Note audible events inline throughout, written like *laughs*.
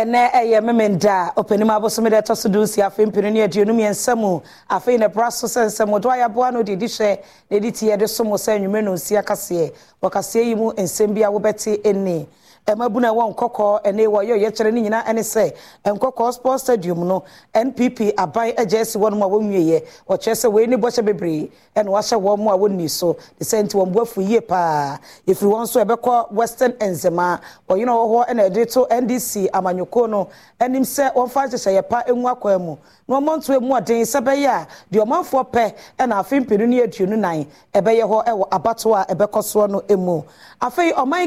ɛnɛ ɛyɛ memenda ɔpanim abosome dɛ ɛtɔ so duusi afei mpiri ne aduonu mmiɛnsa mu afei na ɛbra so sɛ nsɛm ɔdo ayɛboa no de di hwɛ na ɛdi ti yɛde so mo sɛ nnwumere na ɔsi akaseɛ wɔkaseɛ yi mu nsɛm bi a wobɛte ɛnni ɛmabuna na nkɔkɔɔ ne yɛ ɔyɛkyerɛ no nyinaa ne sɛ nkɔkɔɔ sports stadium no npp aban agya esi hɔ a wɔnwieɛ ɔkyerɛ sɛ wei ne bɔhyɛ bebree ɛna wahyɛ wɔn mu a wɔnni so ne sɛ nti wɔn bo afu yie paa efiri wɔn nso ɛbɛkɔ western nzema wɔ hɔ na ɛde ndc amanyɔkuo no sɛ yɛ pa mu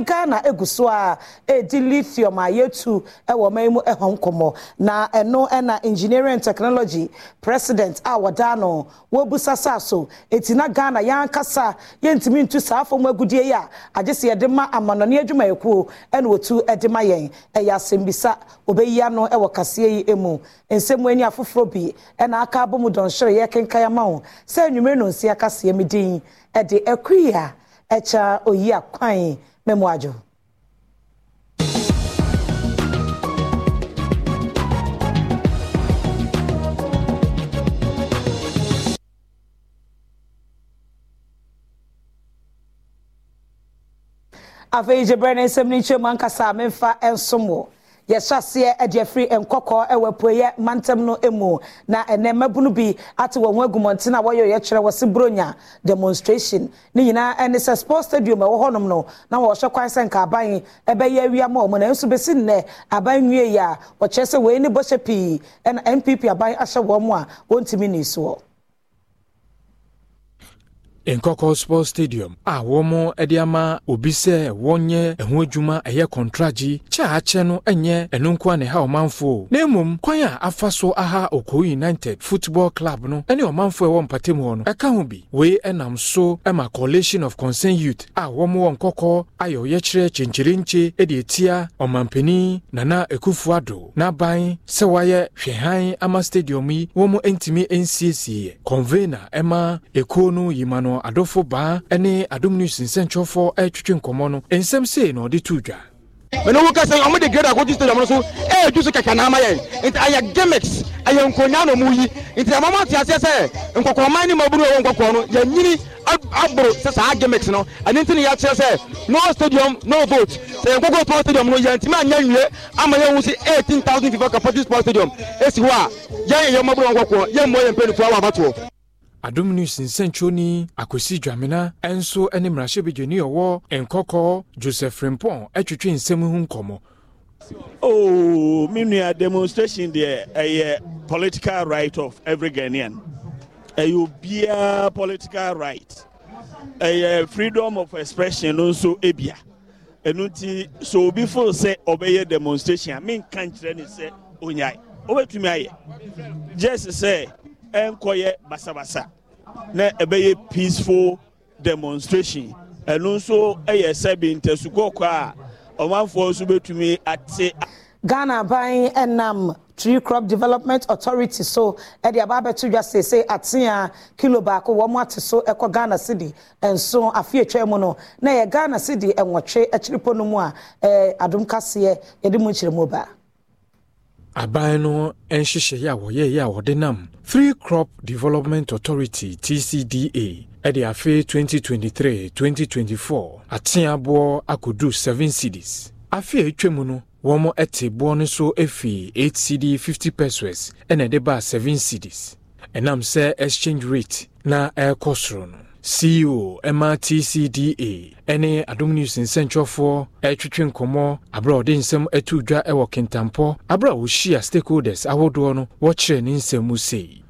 na mu ɛdi lithium a yɛtu ɛwɔ ɔman mu ɛhɔn nkɔmmɔ na ɛno ɛna engineering technology president a wɔda no wɔbusa saa so ɛti na ghana yɛn ankasa yɛntumi ntu saa fam agudie yi a agye sɛ yɛde ma amanɔne adwumayɛkuo ɛna otu ɛde ma yɛn ɛyɛ asɛmbisa obɛyi ano ɛwɔ kaseɛ yi emu. nsɛm ani afoforɔ bi ɛna aka abɔ mu dɔnhwere yɛ kenkan ama ho sɛ nnwumire no nsi akaseɛ mi din ɛde ɛkuyia ɛkyɛ oyi akwan mɛmu adwo. afei gye berɛ ne nsɛm no nkyerɛ mu ankasa a memfa nsom wɔ yɛhyɛseɛ ɛde afiri nkɔkɔɔ ɛwɔ apueyɛ mantam no mu na ɛnɛ mmabunu bi ate wɔn ho agumɔnten a wɔyɛ yɛkyerɛ wɔ se bronya demonstration ne nyinaa ɛne sɛ sports stadium ɛwɔ hɔnom no na wɔhyɛ kwan sɛ nka aban ɛbɛyɛ awia ma ɔmo na nso bɛsi nnɛ aban nwie yɛ a wɔkyerɛ sɛ wei ne bɔhyɛ pii ɛna npp aban ahyɛ wɔn mu a wɔntumi ne soɔ nkɔkɔ sports stadium a wɔn de ama obi sɛ wɔnyɛ ɛho adwuma ɛyɛ kɔntragye kyɛ akyɛ no nyɛ ɛno nko a na ɛha ɔmanfoɔ na mmom kwan a afa so aha okoo united football club no ne ɔmanfoɔ ɛwɔ mpatam hɔ no ɛka ho bi wei nam so ma coalition of concerned youth a wɔn wɔ nkɔkɔ ayɛ ɔyɛkyerɛ kyenkyerɛnkye de etia ɔmampanin nana ekufuado n'aban sɛ wayɛ hwɛhan ama stadium yi wɔn ntumi nsiesie convener ɛma ekuo no yima no Adofo adɔfo baa ne adom news nsɛnkyɛwfoɔ retwetwe nkɔmmɔ no nsɛm sei na ɔde to dwa mene wo ka sɛ ɔmo de grade akɔgye stadium no so ɛɛdwu so kakanaama yɛn nti ayɛ gemics ayɛ nkonya na ɔmo yi nti amama te aseɛ sɛ nkɔkɔɔman ne mabunu ɛwɔ nkɔkɔɔ no yɛnyini aboro sɛ saa gemics no ɛne nti ne yɛakyerɛ sɛ no stadium no vote sɛ yɛnkɔkɔ sport stadium no yɛntimi anyɛ nwie ama yɛwu se 18000 fifa kapɔte sport stadium ɛsi hɔ a yɛn yɛ mabunu ɛwɔ nkɔkɔɔ yɛmmɔ yɛn mpanifoɔ wɔ abatoɔ adom news nsɛnkyerɛni akwasi dwamena nso ne mmarahyɛbadwani ɔwɔ nkɔkɔɔ joseph rempɔn atwitwe nsɛm ho nkɔmmɔ oh me nua demonstration deɛ ɛyɛ political right of every ghanaian ɛyɛ obiara political right ɛyɛ freedom of expression no nso ebia ɛnu nti so obi fo sɛ ɔbɛyɛ demonstration a menka nkyerɛ ne sɛ onyae obɛtumi ayɛ gyesi sɛ ɛnkɔyɛ basabasa na ɛbɛyɛ peaceful demonstration ɛno nso yɛ sɛbi ntɛsukɔkɔ a ɔmanfoɔ nso bɛtumi ate. ghana ban ɛnam tree crop development authority so ɛde aba abɛto dwa seesei atea kilo baako wɔn ate so ɛkɔ ghana city nso afei atwa mu no na yɛ ghana city ɛnwɔtwe akyiripo no mu a ɛɛ adum kaseɛ yɛde mu nkyerɛmu baa aban no nhyehyɛeɛ a wɔyɛeɛ a wɔde nam free crop development authority tcda ɛde afe 2023-2024 ateaboɔ akɔduru seven cities Afe a atwa mu no wɔn te boɔ no so firi 8 cd 50 pesos ɛna ɛde baa 7 cities ɛnam sɛ exchange rate na ɛrekɔ soro no ceo ɛma tcda ne adom news nsɛntwerɛfoɔ ɛretwetwe nkɔmmɔ aberɛ a ɔde nsɛm atu dwa ɛwɔ kentampɔ aberɛ a wɔhyia stakeholders ahodoɔ no wɔkyerɛ ne nsɛm mu sei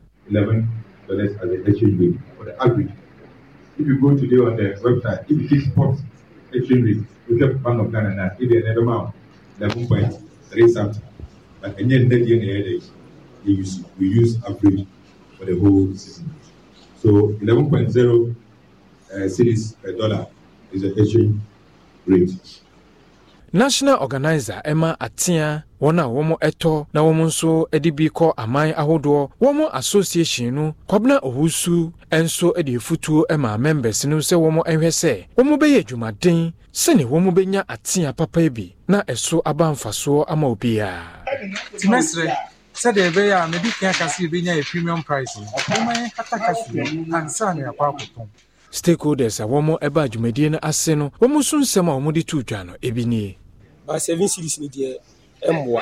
If you go today on the website, if you see sports exchange rate, you get Bank of Ghana now, if you're another amount, 11.3 something. But and yet, that year, we use, we use average for the whole season. So 11.0 uh, per uh, dollar is the exchange rate. national organizer Emma atea wɔn a wɔn ɛtɔ na wɔn nso de bi kɔ aman ahodoɔ wɔn association no kwabena owusu nso de efutuo ma members no sɛ wɔn hwɛ sɛ wɔn bɛyɛ adwumaden sɛnea wɔn bɛnya atea papa bi na ɛso aba mfasoɔ ama obiara. tìmɛsirɛ sɛdeɛ ɛbɛyɛ a mɛdi kan kase yɛ yɛ premium price wɔn ayɛ kata kase ansa na yɛ akɔ akɔtɔn. stakeholders a wɔn ɛba dwumadie no ase no wɔn nso nsɛm a wɔn de tu dwa no ebi nie. ba seven series ni deɛ ɛmboa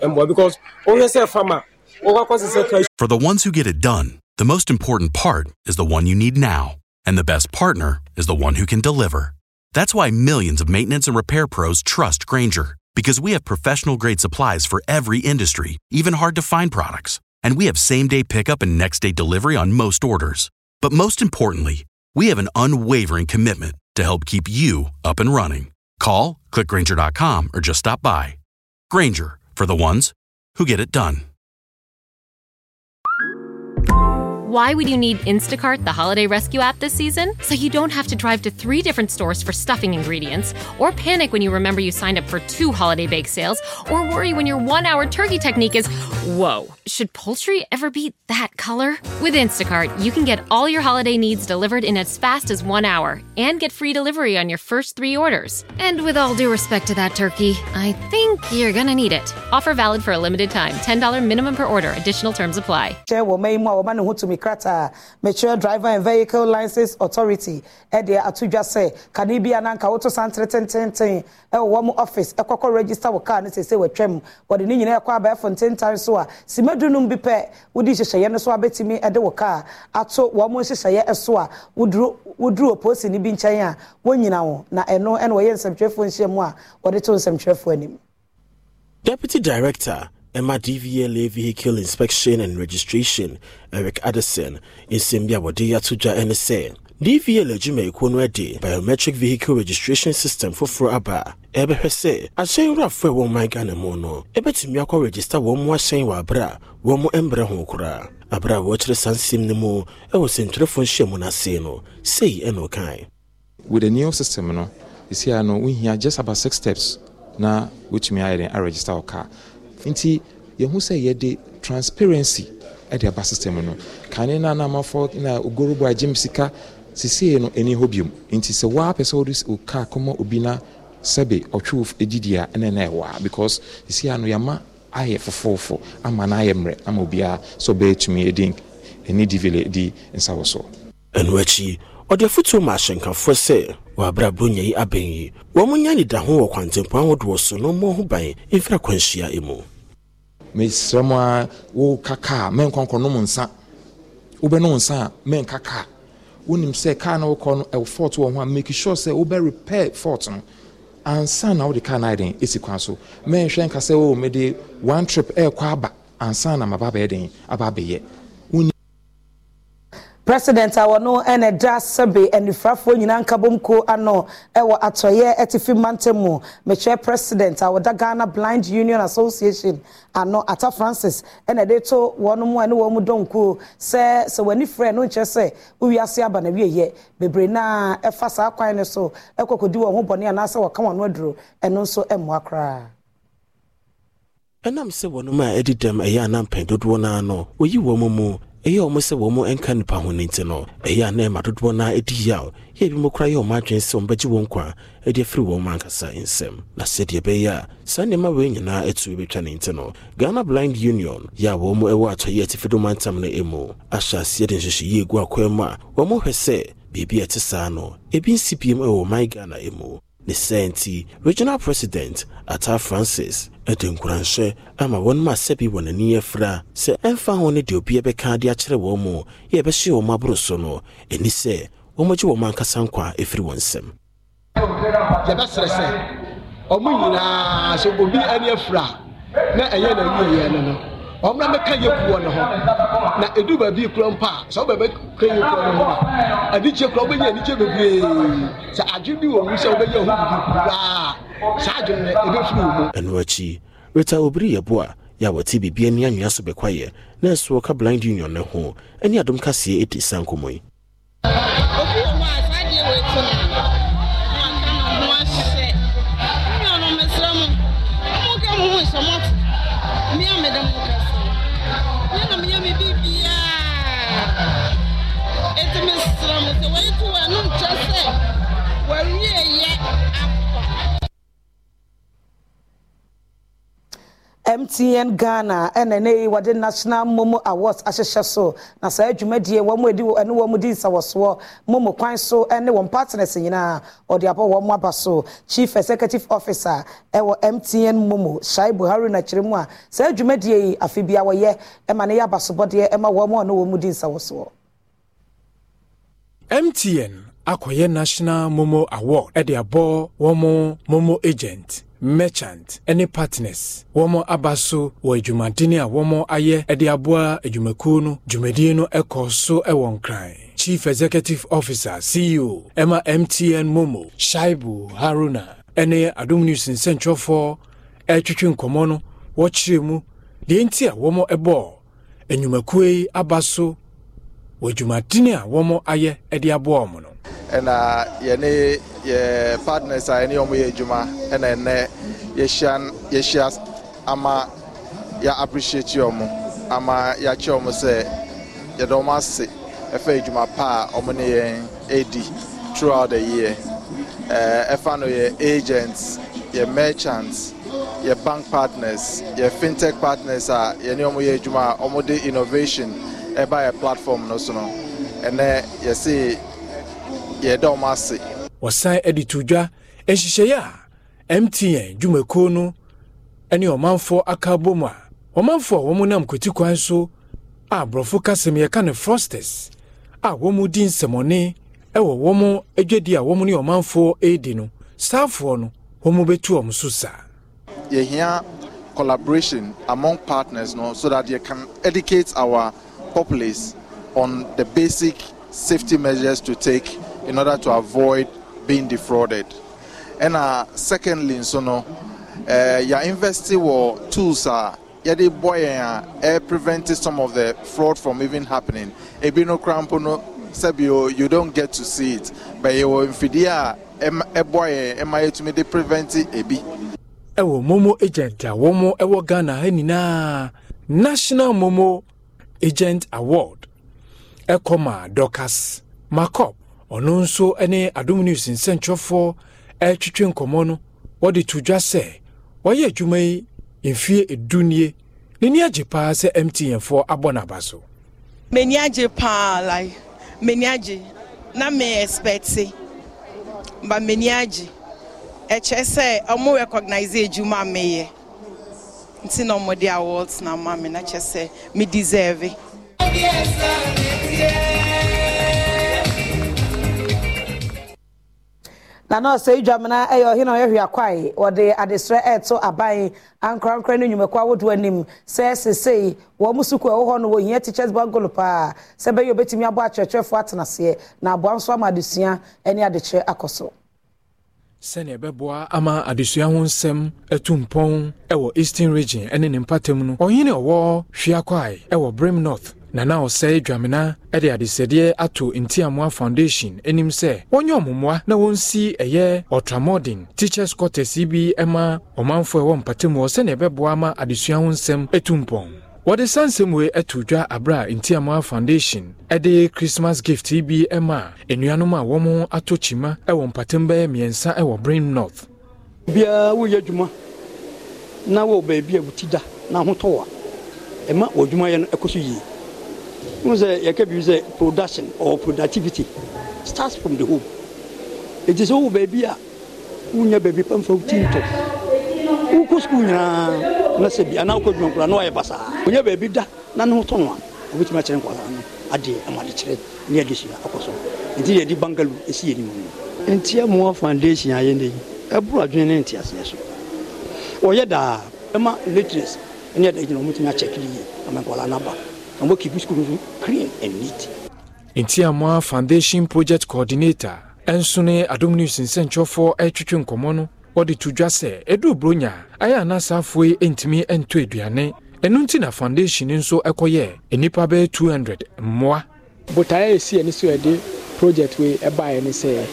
ɛmboa because wɔn yɛ sɛ farmer wɔn akɔ for the ones who get it done the most important part is the one you need now and the best partner is the one who can deliver that's why millions of maintenance and repair pros trust granger because we have professional grade supplies for every industry even hard to find products and we have same day pickup and next day delivery on most orders but most importantly we have an unwavering commitment to help keep you up and running. Call, clickgranger.com, or just stop by. Granger, for the ones who get it done. why would you need Instacart, the holiday rescue app, this season? So you don't have to drive to three different stores for stuffing ingredients, or panic when you remember you signed up for two holiday bake sales, or worry when your one hour turkey technique is, whoa, should poultry ever be that color? With Instacart, you can get all your holiday needs delivered in as fast as one hour and get free delivery on your first three orders. And with all due respect to that turkey, I think you're gonna need it. Offer valid for a limited time. $10 minimum per order. Additional terms apply. krataa uh, mature driver and vehicle license authority ɛde ato dwa sɛ kane bi ananka woto santere tententen ɛwɔ wɔn office ɛkɔkɔ register wɔ car no sese wɔtwam wɔde ne nyinaa ɛkɔ abɛɛfo ntentan so a simadu num bi pɛ wodi nhyehyɛeɛ no so abɛtumi ɛde wɔ car ato wɔn nhyehyɛeɛ ɛso a woduro woduro polisi ni bi nkyɛn a wɔn nyina wɔn na ɛno ɛna wɔyɛ nsɛmtwerɛfoɔ nhyiamu a wɔde to nsɛmtwerɛfoɔ anim. deputy director Emma DVLA Vehicle Inspection and Registration, Eric Addison, in Insimbia Wadia Tuja NSA. DVL adwumayɛkuo no de biometric vehicle registration system foforɔ aba ɛbɛhwɛ sɛ ahyɛn wrafoɔ a wɔn man ghana mu no ɛbɛtumi akɔ regista wɔn mu ahyɛn Abra, aberɛ a wɔn mo mmerɛ ho koraa aberɛ a wɔkyerɛ saa nsɛm no mu ɛwɔ sɛntwerɛfoɔ nhyiamu no ase no sei ɛna ɔkae with the new system no ɛsia no wohia just about six steps na wotumi ayɛ den aregista wɔ car nti yɛhu sɛ yɛde transparency ɛde aba system no kane no anamafo na ogorobo agye m sika sesei no ɛni hɔ biom nti sɛ woa pɛ sɛ wode ka kɔma obi na sɛbe ɔtwe ɛdidi a ɛne na ɛwɔ because sesei a no yɛma ayɛ fofoofo ama no ayɛ mmerɛ ama obiara sɛ ɔbɛyɛtumi ɛdi ɛni divile di nsa wɔ so ɛno akyi ɔde afotuo ma ahyɛnkafoɔ sɛ wɔabrɛ aburonya yi abɛn yi wɔn mo nya anidaho wɔ kwantempɔn ahodoɔ so na ɔmmɔ ho ban mfiri akwanhyia mu mesrɛ mu a woka kaa menkɔnkɔ nom nsa wobɛnom nsa a menka kaa wonim sɛ kaa na wokɔ no ɛwɔ fault wɔ ho a make sure sɛ wobɛ repair fault no ansa na wode kaa no ayɛden ɛsi kwan so menhwɛ nka sɛ o oh, mede one trip ɛɛkɔ aba ansa na maba abɛyɛ den aba abɛyɛ president a wɔno ɛna ɛda sɛbe anifrafoɔ nyinaa nkabom ano ɛwɔ atɔyɛ ɛtifi mantam mu mekyerɛ president a wɔda ghana blind union association ano ata francis ɛna ɛde to wɔn mu ɛne wɔn mu dɔnkuo sɛ sɛ wɔn ani frɛ no nkyerɛ sɛ wiase aba na wieyɛ bebree naa ɛfa saa kwan no so ɛkɔ kɔdi wɔn ho bɔne anaasɛ wɔka wɔn ho aduro ɛno nso ɛmmoa koraa ɛnam sɛ wɔnom a ɛdi dɛm ɛyɛ anampɛn dodoɔ no ano wɔyi wɔn mu ɛyɛ ɔmo sɛ wɔn nka nipa ho ne nti no ɛyɛ a na ɛma dodoɔ na ɛdi yi a yɛ bi mo kora yɛ ɔmo adwene sɛ ɔmo bɛgye wɔn kwa ɛde afiri wɔn ankasa nsɛm na sɛdeɛ ɛbɛyɛ a saa nneɛma wei nyinaa ɛtu ɛbɛtwa ne nti no ghana blind union yɛ a wɔn ɛwɔ atɔyɛ atifi do mantam no ɛmu ahyɛ aseɛ de nhyehyɛ yie gu akwan mu a wɔn hwɛ sɛ biribi ɛte saa no ebi nsi biem ɛwɔ ɔman ghana ɛmu ne sɛ nti regional president ata francis ɛde nkuranhyɛ ama wɔn ma sɛbi wɔn ani afira sɛ ɛmfa ho ne deɛ obi bɛka de akyerɛ wɔn mu yɛ ɛbɛhyɛ wɔn aboro so no ɛni sɛ wɔmagye wɔn ankasa nkwa ɛfiri wɔn nsɛm yɛbɛserɛ ɔmo nyinaa sɛ obi ani afira na ɛyɛ n'aniyɛyɛ no no ɔmo na mɛka yɛkuo ne ho na edu baabi kura mpa a sɛ ɔbɛ mɛka yɛkuo ne ho a anigye kura ɔbɛnya anigye bebree sɛ adwene bi wɔ mu sɛ ɔbɛnya ho bibi kura saa adwene no ebɛfiri wɔ mu. ɛno akyi rita obiri yɛ bo a yɛ a wɔte biribi ani anwea so bɛkwayɛ na ɛso ɔka blind union ne ho ne adom kaseɛ ɛdi sa nkɔmmɔ yi. mtn ghana ɛna ne wɔde national momo awards ahyehyɛ so na saa dwumadie wɔn edi ɛne wɔn di nsawɔsoɔ momo kwan so ɛne wɔn partners nyinaa ɔde abɔ wɔn aba so chief executive officer ɛwɔ mtn momo shai buhari n'akyire mu a saa dwumadie yi afi bi a wɔyɛ ɛma ne yɛ abasobɔdeɛ ɛma wɔn a ne wɔn di nsawɔsoɔ. mtn akɔyɛ national momo award ɛde abɔ wɔn momo agent. merchant ne partners wɔn aba so wɔ adwumadini a wɔn ayɛ de aboa adwumakuo no dwumadie no kɔ so wɔ nkran chief executive officer ceo ɛma mtn momo shaibu haruna ne adom news nsɛntwerɛfoɔ retwitwi nkɔmmɔ no wɔkyerɛ mu deɛ nti a wɔn bɔɔ adwumakuo yi aba so wɔ adwumadini a wɔn ayɛ de aboa wɔn no ɛna yɛne yɛ partners a yɛne wɔn yɛ adwuma ɛna ɛnɛ yɛhyia yɛhyia ama yɛ appreciate wɔn ama yɛakyɛ wɔn sɛ yɛde wɔn ase ɛfɛ adwuma pa a wɔn ne yɛn edi throughout the year ɛɛ ɛfa no yɛ agents yɛ merchants yɛ bank partners yɛ fintech partners a yɛne wɔn yɛ adwuma a wɔn de innovation ɛba yɛ platform no so no ɛnɛ yɛsi yɛda ɔmo ase. wɔsan de to nhyehyɛeɛ a mtn dwumakuo no ne ɔmanfoɔ aka abɔ mu a ɔmanfoɔ a wɔn nam kwati kwan so a aborɔfo kasɛm yɛka ne frosters a wɔn di nsɛmɔne wɔ wɔn adwadi a wɔn ne ɔmanfoɔ redi no saafoɔ no wɔn bɛtu wɔn so saa. yɛhia collaboration among partners no so that they can educate our populace on the basic safety measures to take in order to avoid being defrauded ɛna uh, secondly so no ɛɛ uh, yɛ invest wɔ tools are yɛde bɔ yɛn a ɛɛ some of the fraud from even happening ebi no kora mpo no sɛbi you don't get to see it but you yɛwɔ mfidie a ɛbɔ yɛn to me de prevent it a ebi. Ewo momo agent a wɔn ɛwɔ ghana ha nyinaa national momo agent award ɛkɔ e ma dorcas ɔno nso ne adom news nsɛnkyerɛfoɔ retwetwe nkɔmmɔ no wɔde to dwa sɛ wɔyɛ adwuma yi mfie edunie n'ani agye paa sɛ mtnfoɔ abɔ n'aba so m'ani agye paa like m'ani agye na me expect ba m'ani agye ɛkyɛ sɛ ɔmo recognize adwuma a meyɛ nti na ɔmo de awards na ama me na kyɛ sɛ me deserve. na nọọsụ edwamina ɛyɛ ɔhene a ɔyɛ hwiakwae ɔde adesrɛ ɛɛto aban ankorankora ne nnwumakɔ ahodoɔ anim sɛ sesei wɔn mu sukuu ɛwɔ hɔ no wɔhia teachers bangolo paa sɛ bɛyɛ obetumi abɔ akyerɛkyerɛfoɔ atenaseɛ na aboa nso ama adesua ne adekyerɛ akɔ so sɛnea ɛbɛboa ama adesua ho nsɛm atu mpɔn ɛwɔ eastern region ɛne ne mpatam no ɔhene ɔwɔ hwiakwae ɛwɔ brim north nana ɔsɛe dwamena de adesɛdeɛ ato ntiamoa foundation anim sɛ wɔnyɛ ɔmommoa na wɔnsi ɛyɛ ultramodern teachers quarters bi ma ɔmanfoɔ ɛwɔ mpatamu sɛnea ɛbɛboa ma adesua ho nsɛm ɛtu mpɔn wɔde sansɛm wei ato dwa abrɛ a ntiamoa foundation ɛde christmas gift bi ma nnuanom a wɔn ato kyima wɔ mpatam bɛyɛ mmiɛnsa wɔ brain north biara woyɛ adwuma na wɔ baabi a wotu da na ahotɔ wa ɛma wɔ adwumayɛ no ɛkɔ so yie wọn sɛ yɛka bi sɛ production or productivity starts from the home eti sɛ wo baabi a wonya baabi pamfa wo tim tɔ wokɔ sukuu nyinaa na sɛ bi anaa wokɔ adwuma nkora na wayɛ basaa wonya baabi da na ne ho tɔ no a wobɛtumi akyerɛ nkwasaa no adeɛ amadekyerɛ ne adesua akɔ so nti yɛde bangalu ɛsi yɛni mu ntia mmoa foundation a yɛnde ɛboro adwene ne nteaseɛ so ɔyɛ daa ɛma latras ɛne ɛdagyina wɔmutumi akyɛkiri yie ama nkwasaa no aba ɔmo keep school clean and neat. ntiamua foundation project coordinator ɛnso ne adom e news nsɛnkyɛfoɔ ɛretwitwe nkɔmmɔ no wɔde to e dwa sɛ ɛduru buronya ayɛ anasaafoɔ yi ntumi ntɔ aduane ɛno e nti na foundation nso ɛkɔyɛ nnipa bɛyɛ hundred, mmoa botaeɛ ɛsi ani so ɛde project wei ɛbaeɛ ni sɛ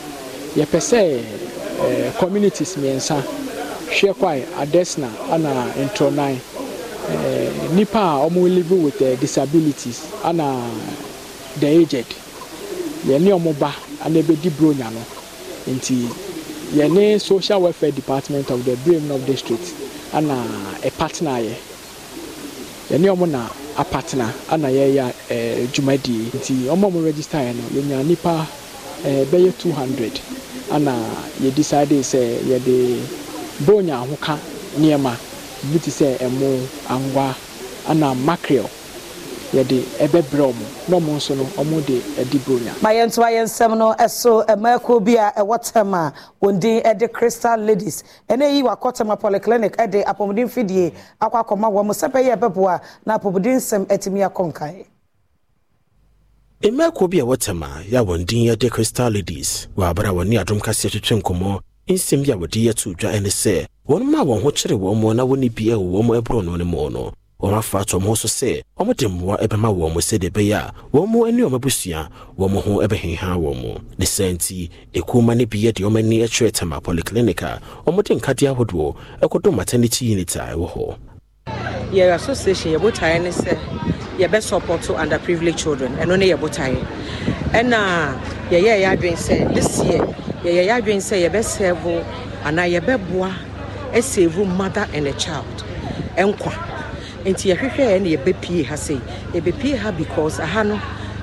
yɛpɛ sɛ eh, communities mmiɛnsa hwɛ kwae adesna ana ntɔnan nnipa eh, a wɔn live with uh, disabilities ana the aged yɛne wɔn ba ana ebɛdi bronya no nti yɛne social welfare department of the brain north district ana ɛpartner yɛ yɛne wɔn na apartner ana yɛyɛ eh, dwumadie nti wɔn a wɔn register yɛ no yɛnya nnipa bɛyɛ two hundred ana yɛ decide sɛ yɛde bronya ahoka nneɛma. bi te sɛ ɛmo anwa ana mackerel yɛde ɛbɛbrɛ ɔmo na ɔmo nso no ɔmo de ɛdi bronya. ma yɛn nto ayɛ nsɛm no ɛso mmaako bi a ɛwɔ tɛm a wɔn din ɛde crystal ladies ɛna eyi wakɔ tɛm a polyclinic ɛde apɔmuden fidie akɔ akɔma wɔn sɛpɛ yɛ ɛbɛboa na apɔmuden nsɛm ɛtumi akɔ nkae. mmaako bi a ɛwɔ tɛm a yɛ wɔn din ɛde crystal ladies wɔ abere a wɔn ne adom kaseɛ twetwe nkɔmɔ nsɛm bi a wɔde yɛ to dwa ɛne sɛ wɔn ma wɔn ho kyere wɔn mo na wɔn bi ɛwɔ wɔn ɛborɔ no ne mu no wɔn afa ato wɔn ho so sɛ wɔn de mmoa ɛbɛma wɔn sɛdeɛ ɛbɛyɛ a wɔn mo ne wɔn abusua wɔn ho ɛbɛhenha wɔn mo ne saa nti ekuoma no bi deɛ wɔn ani kyerɛ tama polyclinic a wɔn de nkadeɛ ahodoɔ ɛkɔdɔ maternity unit a ɛwɔ hɔ. yɛ association yɛbotaeɛ ne sɛ yɛbɛsupɔto underprivileged children ɛno ne yɛbotaeɛ ɛna yɛyɛ yɛ adwene sɛ this year yɛyɛ yɛ adwene sɛ yɛbɛsɛɛbo anaa yɛbɛboa save mother and a child nkwa nti yɛhwehwɛ yɛ na yɛbɛpie ha sei yɛbɛpie ha because aha no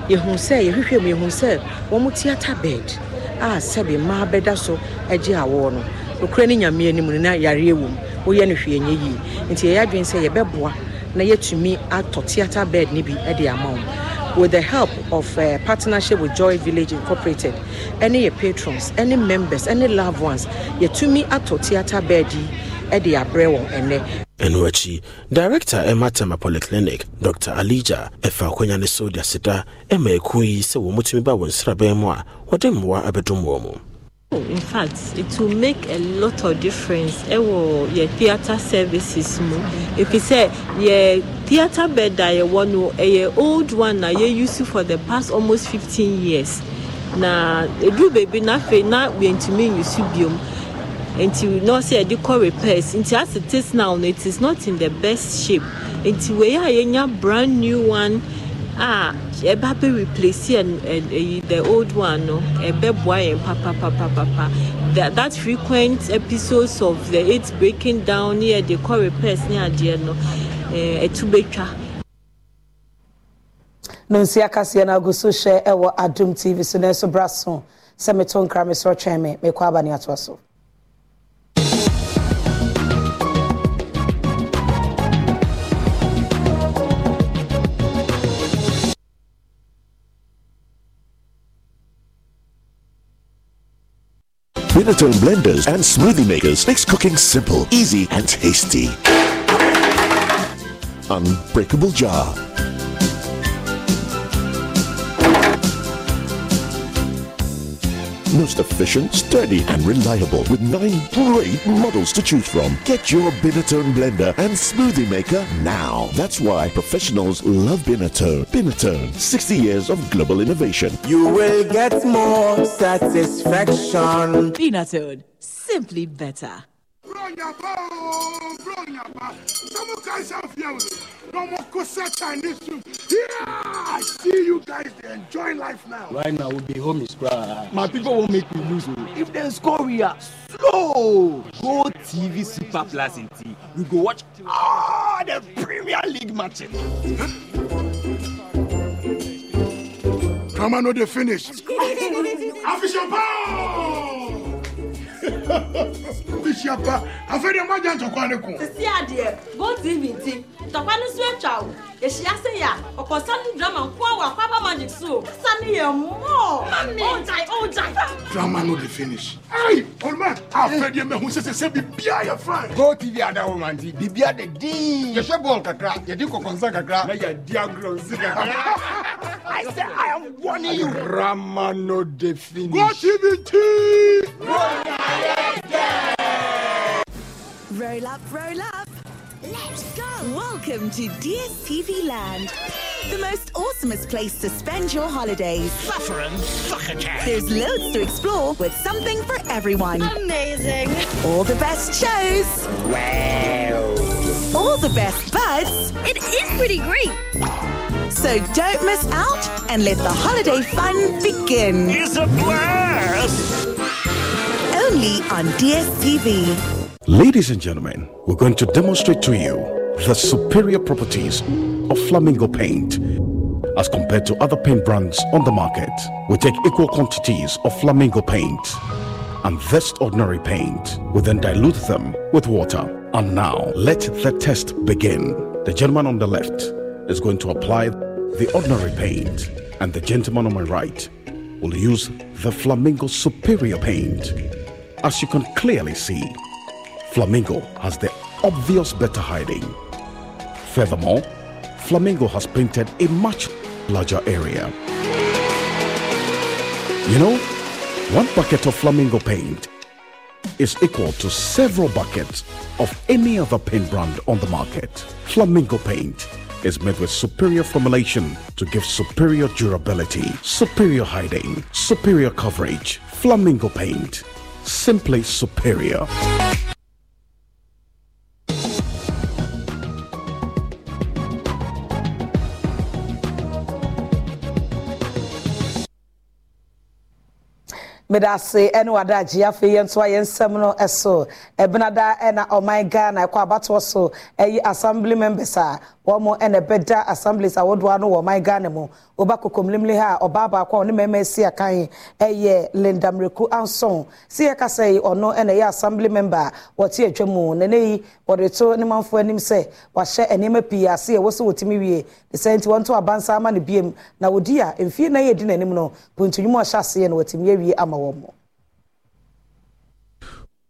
yɛhu sɛ yɛhwehwɛ mu yɛhu sɛ wɔn theatre bed a sɛbi mmaa bɛda so agye awoɔ no okura ne nyame anim no na yareɛ wɔ mu woyɛ no hwee nyɛ yie nti yɛyɛ adwene sɛ yɛbɛboa na yɛtumi atɔ theatre bed ne bi de ama wɔn. with the help of uh, partnership with Joy Village Incorporated, any patrons, any members, any loved ones, your to me at theater bedi, Eddie Abrewo, and ɛno e, director ɛma tema polyclinic dr alija efa akwanya ne so eme kui se ɛku yi sɛ wɔn mutumi Oh, in fact it will make a lot of difference ɛwɔ yɛ theatre services mu efisɛ yɛ theatre bed a yɛwɔ no ɛyɛ old one na yɛ use for the past almost fifteen years na edu beebi na afei na yɛntumi use biom nti nɔɔsi yɛde kɔ repairs nti as it is now it is not in the best shape nti wei a yɛnya brand new one. a ah, ɛba bɛ replace and ɛyi eh, the old one no ɛbɛboa yɛn papapapapa that that frequent episodes of the it breaking down ne yɛde kɔ repairs near adeɛ no ɛtu eh, eh, bɛtwa. nonsi akaseɛ no agu so hyɛ ɛwɔ adom tv so nanso bra so sɛ meto nkra me sorɔtwɛn me mekɔ aba ne Miniturn blenders and smoothie makers makes cooking simple, easy, and tasty. Unbreakable Jar Most efficient, sturdy, and reliable with nine great models to choose from. Get your Binatone blender and smoothie maker now. That's why professionals love Binatone. Binatone, 60 years of global innovation. You will get more satisfaction. Binatone, simply better. I see you guys. enjoying life now. Right now, we'll be home bro. My people won't make me lose. Oh. If they score, we are slow. Go TV Super Plus and T. We go watch ah the Premier League matches. Come on, no, they finish. Official power! bisiapa uh, afei deɛ moagya ntɔkwa ne ko sisi adeɛ go tv nti ntɔkwa no so atwa wo yɛhyia sɛ yɛ a ɔkɔsa ne drama nko a wɔakwaba magic so sa ne yɛ mmɔɔ drama no de finish ai ɔlma afei deɛ mahu sɛ sɛ sɛ biribia yɛ fine go tv ada wo ma nti biribia de din yɛhwɛ bɔɔl kakra yɛde kɔkɔnsa kakra na yɛadi agorɔnsi kakra *laughs* I say I am warning you. Drama no de finish. Go TV! Go TV! Yay! Roll up, roll up. Let's go. Welcome to DSTV Land. The most awesomest place to spend your holidays. Suffering suckerjack. There's loads to explore with something for everyone. Amazing. All the best shows. Wow. All the best buds. It is pretty great. So don't miss out and let the holiday fun begin. It's a blast! only on DSTV. Ladies and gentlemen, we're going to demonstrate to you the superior properties of flamingo paint as compared to other paint brands on the market. We take equal quantities of flamingo paint and this ordinary paint. We then dilute them with water. And now, let the test begin. The gentleman on the left is going to apply the ordinary paint, and the gentleman on my right will use the flamingo superior paint. As you can clearly see, Flamingo has the obvious better hiding. Furthermore, Flamingo has painted a much larger area. You know, one bucket of Flamingo paint is equal to several buckets of any other paint brand on the market. Flamingo paint is made with superior formulation to give superior durability, superior hiding, superior coverage. Flamingo paint simply superior. medase ɛne wada agye afei yɛn nso a yɛn nsɛm no ɛso ɛbenada ɛna ɔman ghana ɛkɔ abatoɔ so ɛyi assembly members a wɔn ɛna ɛbɛda assemblies ahodoɔ ano wɔ ɔman ghana mu ɔba kokomlimli ha a ɔbaa baako a ɔne mmarima asi akan ɛyɛ linda mreku anson si yɛ yi ɔno ɛna ɛyɛ assembly member wɔte atwa mu nane yi wɔde to ne manfo anim sɛ wahyɛ nneɛma pii ase ɛwɔ sɛ wɔtumi wie ne sɛ nti wɔn to abansa ama ne biem na wɔdi a mfie na yɛ di n'anim no pontunwom ɔhyɛ aseɛ na wɔtumi awie ama wɔn.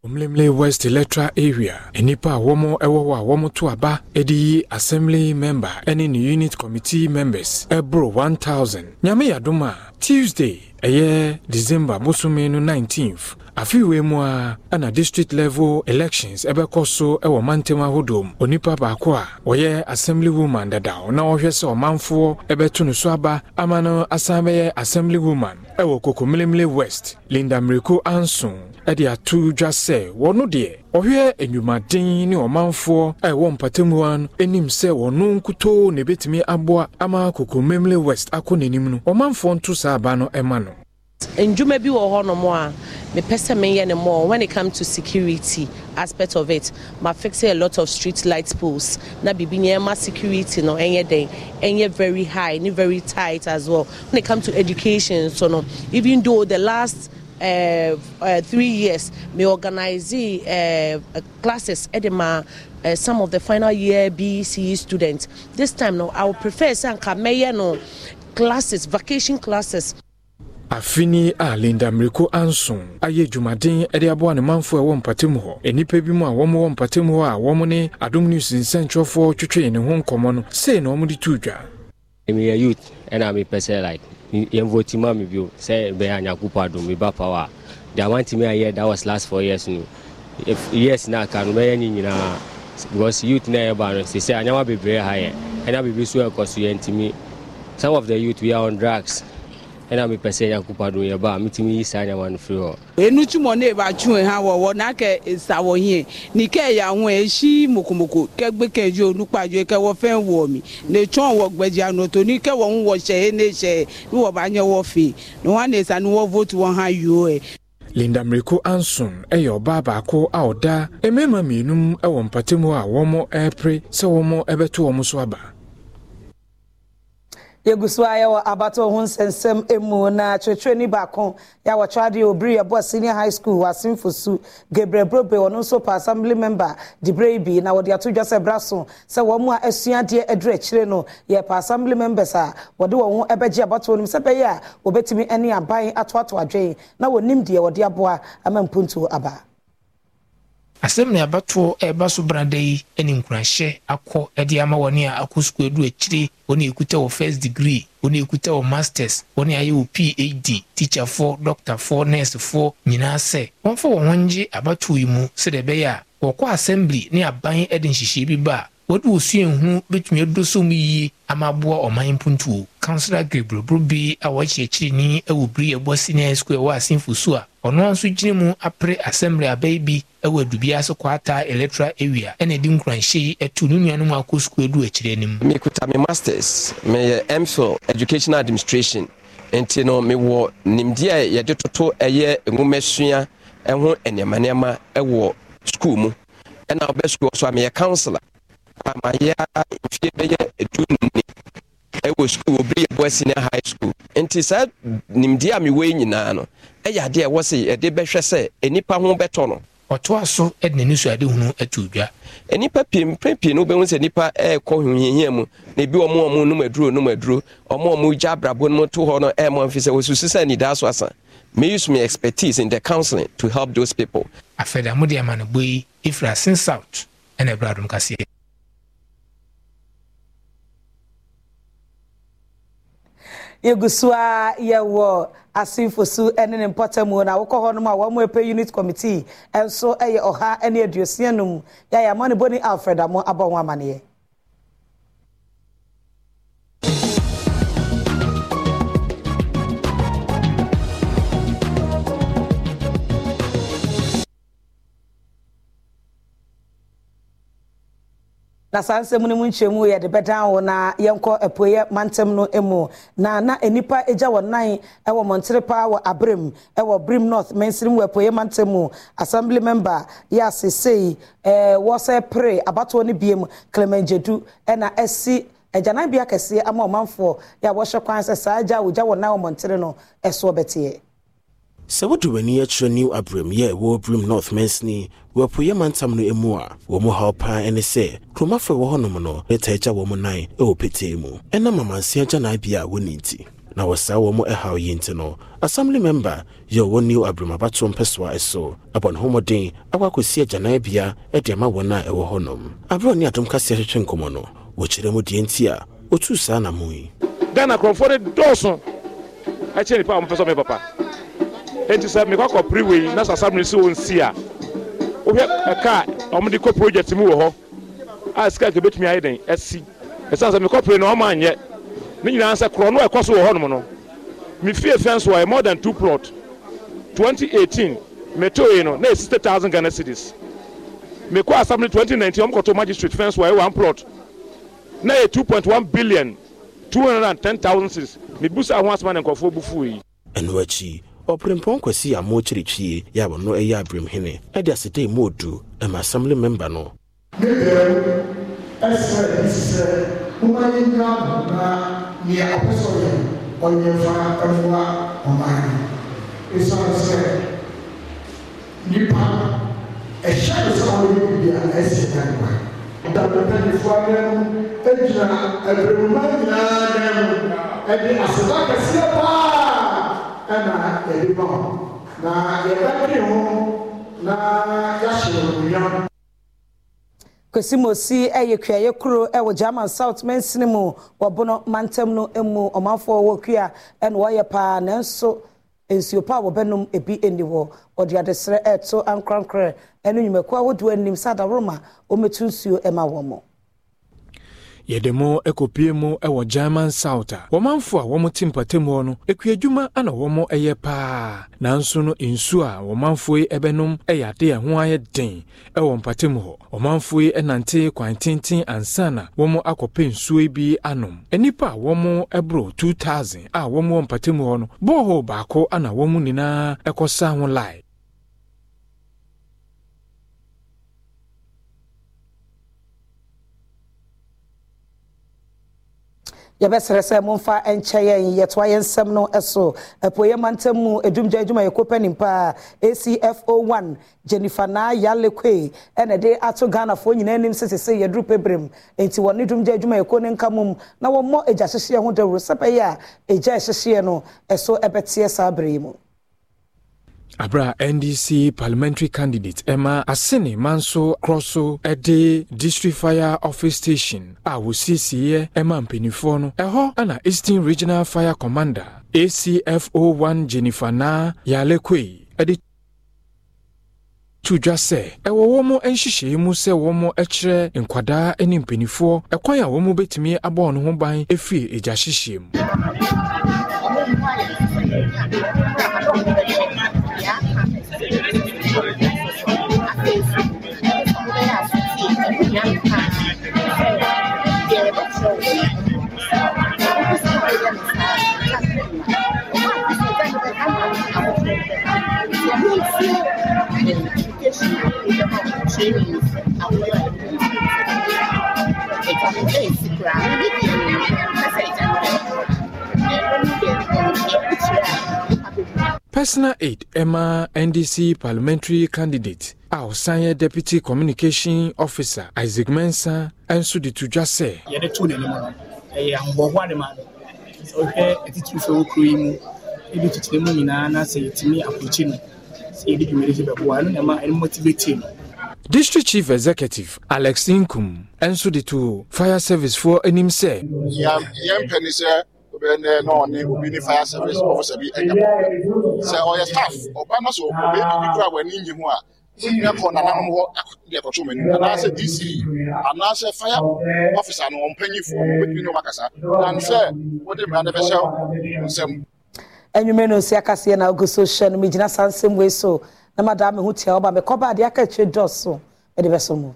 Omlemle West Electoral Area enipa a wɔn ɛwɔ hɔ a wɔn to aba de yi assembly member ne ne unit committee members ɛboro one thousand nyame yadoma Tuesday ɛyɛ December bosome no nineteenth afeiwei mu a ɛna district level elections ɛbɛkɔ so ɛwɔ mantam ahodoɔ mu onipa baako a ɔyɛ assembly woman dadaw na ɔhwɛ sɛ ɔmanfoɔ ɛbɛto no so aba ama no asan bɛyɛ assembly woman ɛwɔ kokomlemle west linda mmiriko anson ɛde ato dwa sɛ wɔno deɛ ɔhwɛ enwumaden ne ɔmanfoɔ a ɛwɔ mpatamuwa no anim sɛ wɔno nkutoo na ebetumi aboa ama kokomlemle west akɔ n'anim no ɔmanfoɔ nto saa aba no ɛma no ndwuma bi wɔ hɔnom a mepɛ sɛ meyɛ no mɔ when it comes to security aspect of it mafixe a lot of street light poles na biribi nneɛma security no ɛnyɛ dɛn ɛnyɛ very high ne very tight as well when it comes to education so no even though the last uh, uh, three years me organize uh, classes ɛde ma uh, some of the final year BCE students this time no I would prefer sɛ anka no classes vacation classes afini a linda mmiriko anson ayɛ dwumaden de aboa ne manfo a ɛwɔ mpatamu hɔ nnipa bi mu a wɔn wɔ mpatamu hɔ a wɔn ne adom news nsɛntwerɛfoɔ twetwee ne ho nkɔmmɔ no sei na wɔde tuu dwa meyɛ youth ɛna mepɛ sɛ like yɛmvoti ma me bio sɛ bɛyɛ anyankopɔn adom meba power a deɛ amantimi ayɛ that was last four years no years na aka no mɛyɛ ne nyinaa because youth na ɛyɛba no sɛ sɛ anyama bebree ha yɛ ɛna biribi so ɛkɔ so yɛntimi some of the youth we are on drugs ɛna mepɛ sɛ nyankopɔn adom yɛba a metumi yi saa nyama no firi hɔ ɛnu tumɔ e ha wɔwɔ na kɛ ɛsa wɔ hie ne kɛ ɛyɛ ho mokomoko kɛgbe kɛdwo onukpadwo e kɛ wɔfɛn wɔ mi ne twɔn wɔ gbɛdzi anoto ne kɛ wɔn wɔ hyɛ ne hyɛ ne wɔ ba nyɛ wɔ ha yuo. linda mmiriko anson yɛ ɔbaa baako a ɔda e mmarima wɔ mpatamu a wɔn repere sɛ wɔn bɛto wɔn so aba yɛgu so a yɛwɔ abata ho nsɛnsɛm mu na kyerɛkyerɛni baako yɛwɔ kyerɛdeɛ obiri yɛbɔ senior high school wɔ asemfo su gabriel brobe ɔno nso pa assembly member dibre bi na wɔde ato dwa sɛ bra so sɛ wɔn mu a asuadeɛ aduru akyire no yɛpa assembly members a wɔde wɔn ho bɛgye abata no mu sɛ bɛyɛ a wɔbɛtumi ne aban atoato adwene na wɔnim deɛ wɔde aboa ama mpuntuo aba asɛm ne abɛtoɔ ɛba so brada yi ne nkuranhyɛ akɔ de ama wɔne a akɔ sukuu adu akyire wɔne ɛkuta wɔ first degree wɔne ɛkuta wɔ masters wɔne ayɛ wɔ phd teacherfoɔ doctorfoɔ nursefoɔ nyinaa sɛ wɔmfa wɔn ho ngye abatoɔ yi mu sɛdeɛ ɛbɛyɛ a wɔkɔ assembly ne aban de nhyehyɛe bi ba a wɔde wɔ suahu bɛtumi aduro so mu yie ama aboa ɔman mpuntuo councilor gabriel brobi a wɔakyerɛkyerɛni wɔ biri ɛbɔ senior square wɔ asenfo so a ɔno nso gyina mu apere assembly abɛɛ bi ɛwɔ adubia so kwata electoral area ɛna ɛde nkuranhyɛ yi ɛto ne nuanom akɔ sukuu adu akyirɛ anim mekuta me masters meyɛ uh, mfil educational administration nti no mewɔ nimdeɛ a yɛde toto ɛyɛ nwomasua ho nneɛma nneɛma ɛwɔ sukuu mu ɛna wobɛ sukuu so a meyɛ councilor ama yɛ mfie bɛyɛ edu nne ɛwɔ sukuu obiri yɛ bɔ senior high school nti saa nimdeɛ a mewɔ yi nyinaa no ɛyɛ adeɛ ɛwɔ se yɛde bɛhwɛ sɛ enipa ho bɛtɔ no. ɔtoa so ɛde n'ani so ade hunu atu dwa. nipa pii mpere pii no wobɛhu sɛ nipa ɛrekɔ hiahia mu na ebi wɔn a wɔn nom aduro nom aduro wɔn a wɔn gya abrabɔ no mu to hɔ no ɛremɔ mfi sɛ wɔsusu sɛ nidaa so asa may use my expertise in the counseling to help those people. afɛdàmúdìyàmánigbó yi ifra sin south ɛna ebrahim kaseɛ. yɛgu so a yɛwɔ asinfo so ne ne mpɔtamu na wokɔ hɔ nom a wɔn apɛ unit committee nso yɛ ɔha ne aduosia no mu yɛayɛ amane boni alfred amo abɔ ho amaneɛ na saa nsɛm no mu nkyɛmu yɛde bɛdan wo na yɛnkɔ apueɛ mantam no mu na na nnipa gya wɔ nan wɔ mɔntere paa wɔ aberɛm wɔ brim north mainstream wɔ apueɛ mantam mu assembly member yɛ asesei eh, wɔsɛ pere abatoɔ no biem clemengyedu ɛna asi agyanabea kɛseɛ ama ɔmanfoɔ yɛ a wɔhyɛ kwan sɛ saa gya a wɔgya wɔ nan wɔ mɔntere no ɛsoɔ bɛteɛ sɛ wode w'ani akyerɛ new abram yɛ ɛwɔ brim north mansini wɔ apueɛ mantam no mu a wɔ mu haw paa ɛne sɛ kuroma wɔ hɔnom no reta agya wɔ m nan ɛwɔ petee mu ɛnam amanse agyanaabea a wɔne nti na wɔ saa wɔ m ɛhaw yi nti no assembly member yɛ ɔwɔ new abram abato mpɛsoa ɛso abɔ ne ho mmɔden akɔ akɔsi agyanaabea ɛde ama wɔn a ɛwɔ hɔnom aberɛ ne adom kaseɛ hwehwɛ nkɔmmɔ no wɔkyerɛ mu deɛ nti a ɔtuu saa na mu yi ghana kurɔmfoɔ no dɔɔso akyerɛ nnipa a wɔmpɛ sɛ ɔmɛ papa nti sɛ mekɔkɔ pere wei na sasa mene sɛ wɔnsi a wohwɛ ɛka a ɔmode kɔ project mu wɔ hɔ a sika ka bɛtumi ayɛ den asi ɛsiane sɛ mekɔ pere no ɔma anyɛ ne nyinaa sɛ korɔ no a ɛkɔ so wɔ hɔnom no mefie fɛn so a more than two plot 2018 metooyi no na ɛsi 60000 ghana cities mekɔ asamble 2019 ɔmkɔto magistrate fɛn so a one plot na ɛyɛ 2.1 billion 210000 cities mebusa ho asoma ne nkɔfoɔ bu fuu yi ɛno akyi ɔprempɔn kwasi a mokyerɛkyie yɛ a wɔno ɛyɛ abrɛmhene ɛde asedei mu ɔdu ɛma assembly member no ne dɛm ɛsrɛ bi sɛ moma yɛnyina na nea ɔpɛ sɛ ɔyɛ ɔnyɛ fa ɛmoa ɔman no ɛsiane sɛ nnipa ɛhyɛ no sɛ ɔyɛ biribi a ɛsi dan kwa dabɛpanifoɔ adan mu agyina abirɛmuma nyinaa dan mu ɛde aseda kɛseɛ paa ɛna yɛde ma hɔ na yɛbɛdwe ho na yɛahyɛ nnuam kwesimosi ɛyɛ kuayɛ kuro ɛwɔ german south mansini mu wɔbono mantam no mu ɔmanfoɔ wɔ kua ɛna wɔyɛ paa nanso nsuo pa a wɔbɛnom ebi nni hɔ wɔde adesrɛ ɛto ankorankorɛ ɛne nnwumakuo ahodoɔ anim sɛ adaworoma wɔmɛtu nsuo ɛma wɔn mo yɛde mo ekopie mu ɛwɔ german south a wɔmanfo a wɔmote mpatam hɔ no akuadwuma ana wɔm ɛyɛ paa nanso no nsu a wɔmanfo yi ɛbɛnom ɛyɛ ade a ho ayɛ den ɛwɔ mpatam hɔ ɔmanfo yi ɛnante kwan tenten ansa na wɔm akɔpɛ nsuo yi bi anom nnipa a wɔm ɛboro 2000 a wɔm wɔ mpatam hɔ no bɔɔhoo baako ana wɔn nyinaa ɛkɔsa ho lae yɛbɛsrɛ sɛ momfa nkyɛ yɛn yɛtoa yɛn nsɛm no so ɛpo yɛ mantam mu adwumgya adwuma yɛkɔpɛ nimpaa acfo1 jennifer naa yalekwei ɛna de ato ghanafoɔ nyinaa anim sesese yɛduru pebrem enti wɔne dwumgya adwuma yɛkɔ ne nka mom na wɔmmɔ agya hyehyeɛ ho dawuro sɛ bɛyɛ a agya ɛhyehyeɛ no ɛso ɛbɛteɛ saa berɛ yi mu abra ndc parliamentary candidate emma Asini manso krɔso de district fire office station a wɔsiesie ma mpanimfoɔ no ɛhɔ na eastern regional fire commander acfo One jennifer Na yalekwei de to dwa sɛ ɛwɔ wɔn nhyehyɛe mu sɛ wɔn kyerɛ nkwadaa ne mpanimfoɔ ɛkwan a wɔn bɛtumi abɔ wɔn ho ban firi egya hyehyɛ mu. training àwọn Personal aid Emma NDC parliamentary candidate a ɔsan yɛ deputy communication officer Isaac Mensa nso de to dwa sɛ. Yɛde tu n'anim no, ɛyɛ ahohoahoa de ma no. Sɛ wohwɛ atitirifoɔ wɔ kuro yi mu, ebi nyinaa na sɛ yɛtumi apɔkyi sɛ yɛde dwumadi so bɛboa no ɛma ɛno motivate no district chief executive alex inkum nso de too fire servicefoɔ anim sɛ yɛmpɛ uh, ne sɛ bɛnɛ na ɔne obi ne fire service officer bi ɛka sɛ ɔyɛ staff ɔba no so ɔbɛbi bi kora wɔ ani nyi ho a sɛnyina kɔ nananom hɔ de akɔto m'ani anaasɛ dc anaasɛ fire officer no ɔmpanyimfoɔ no ɔbɛtumi ne ɔmakasa nan sɛ wode mmara anwumere na osi akaseɛ na ogu social no megyina saa wei so na madame ho tia wɔba mekɔba adeɛ aka akyire dɔso mede bɛso mu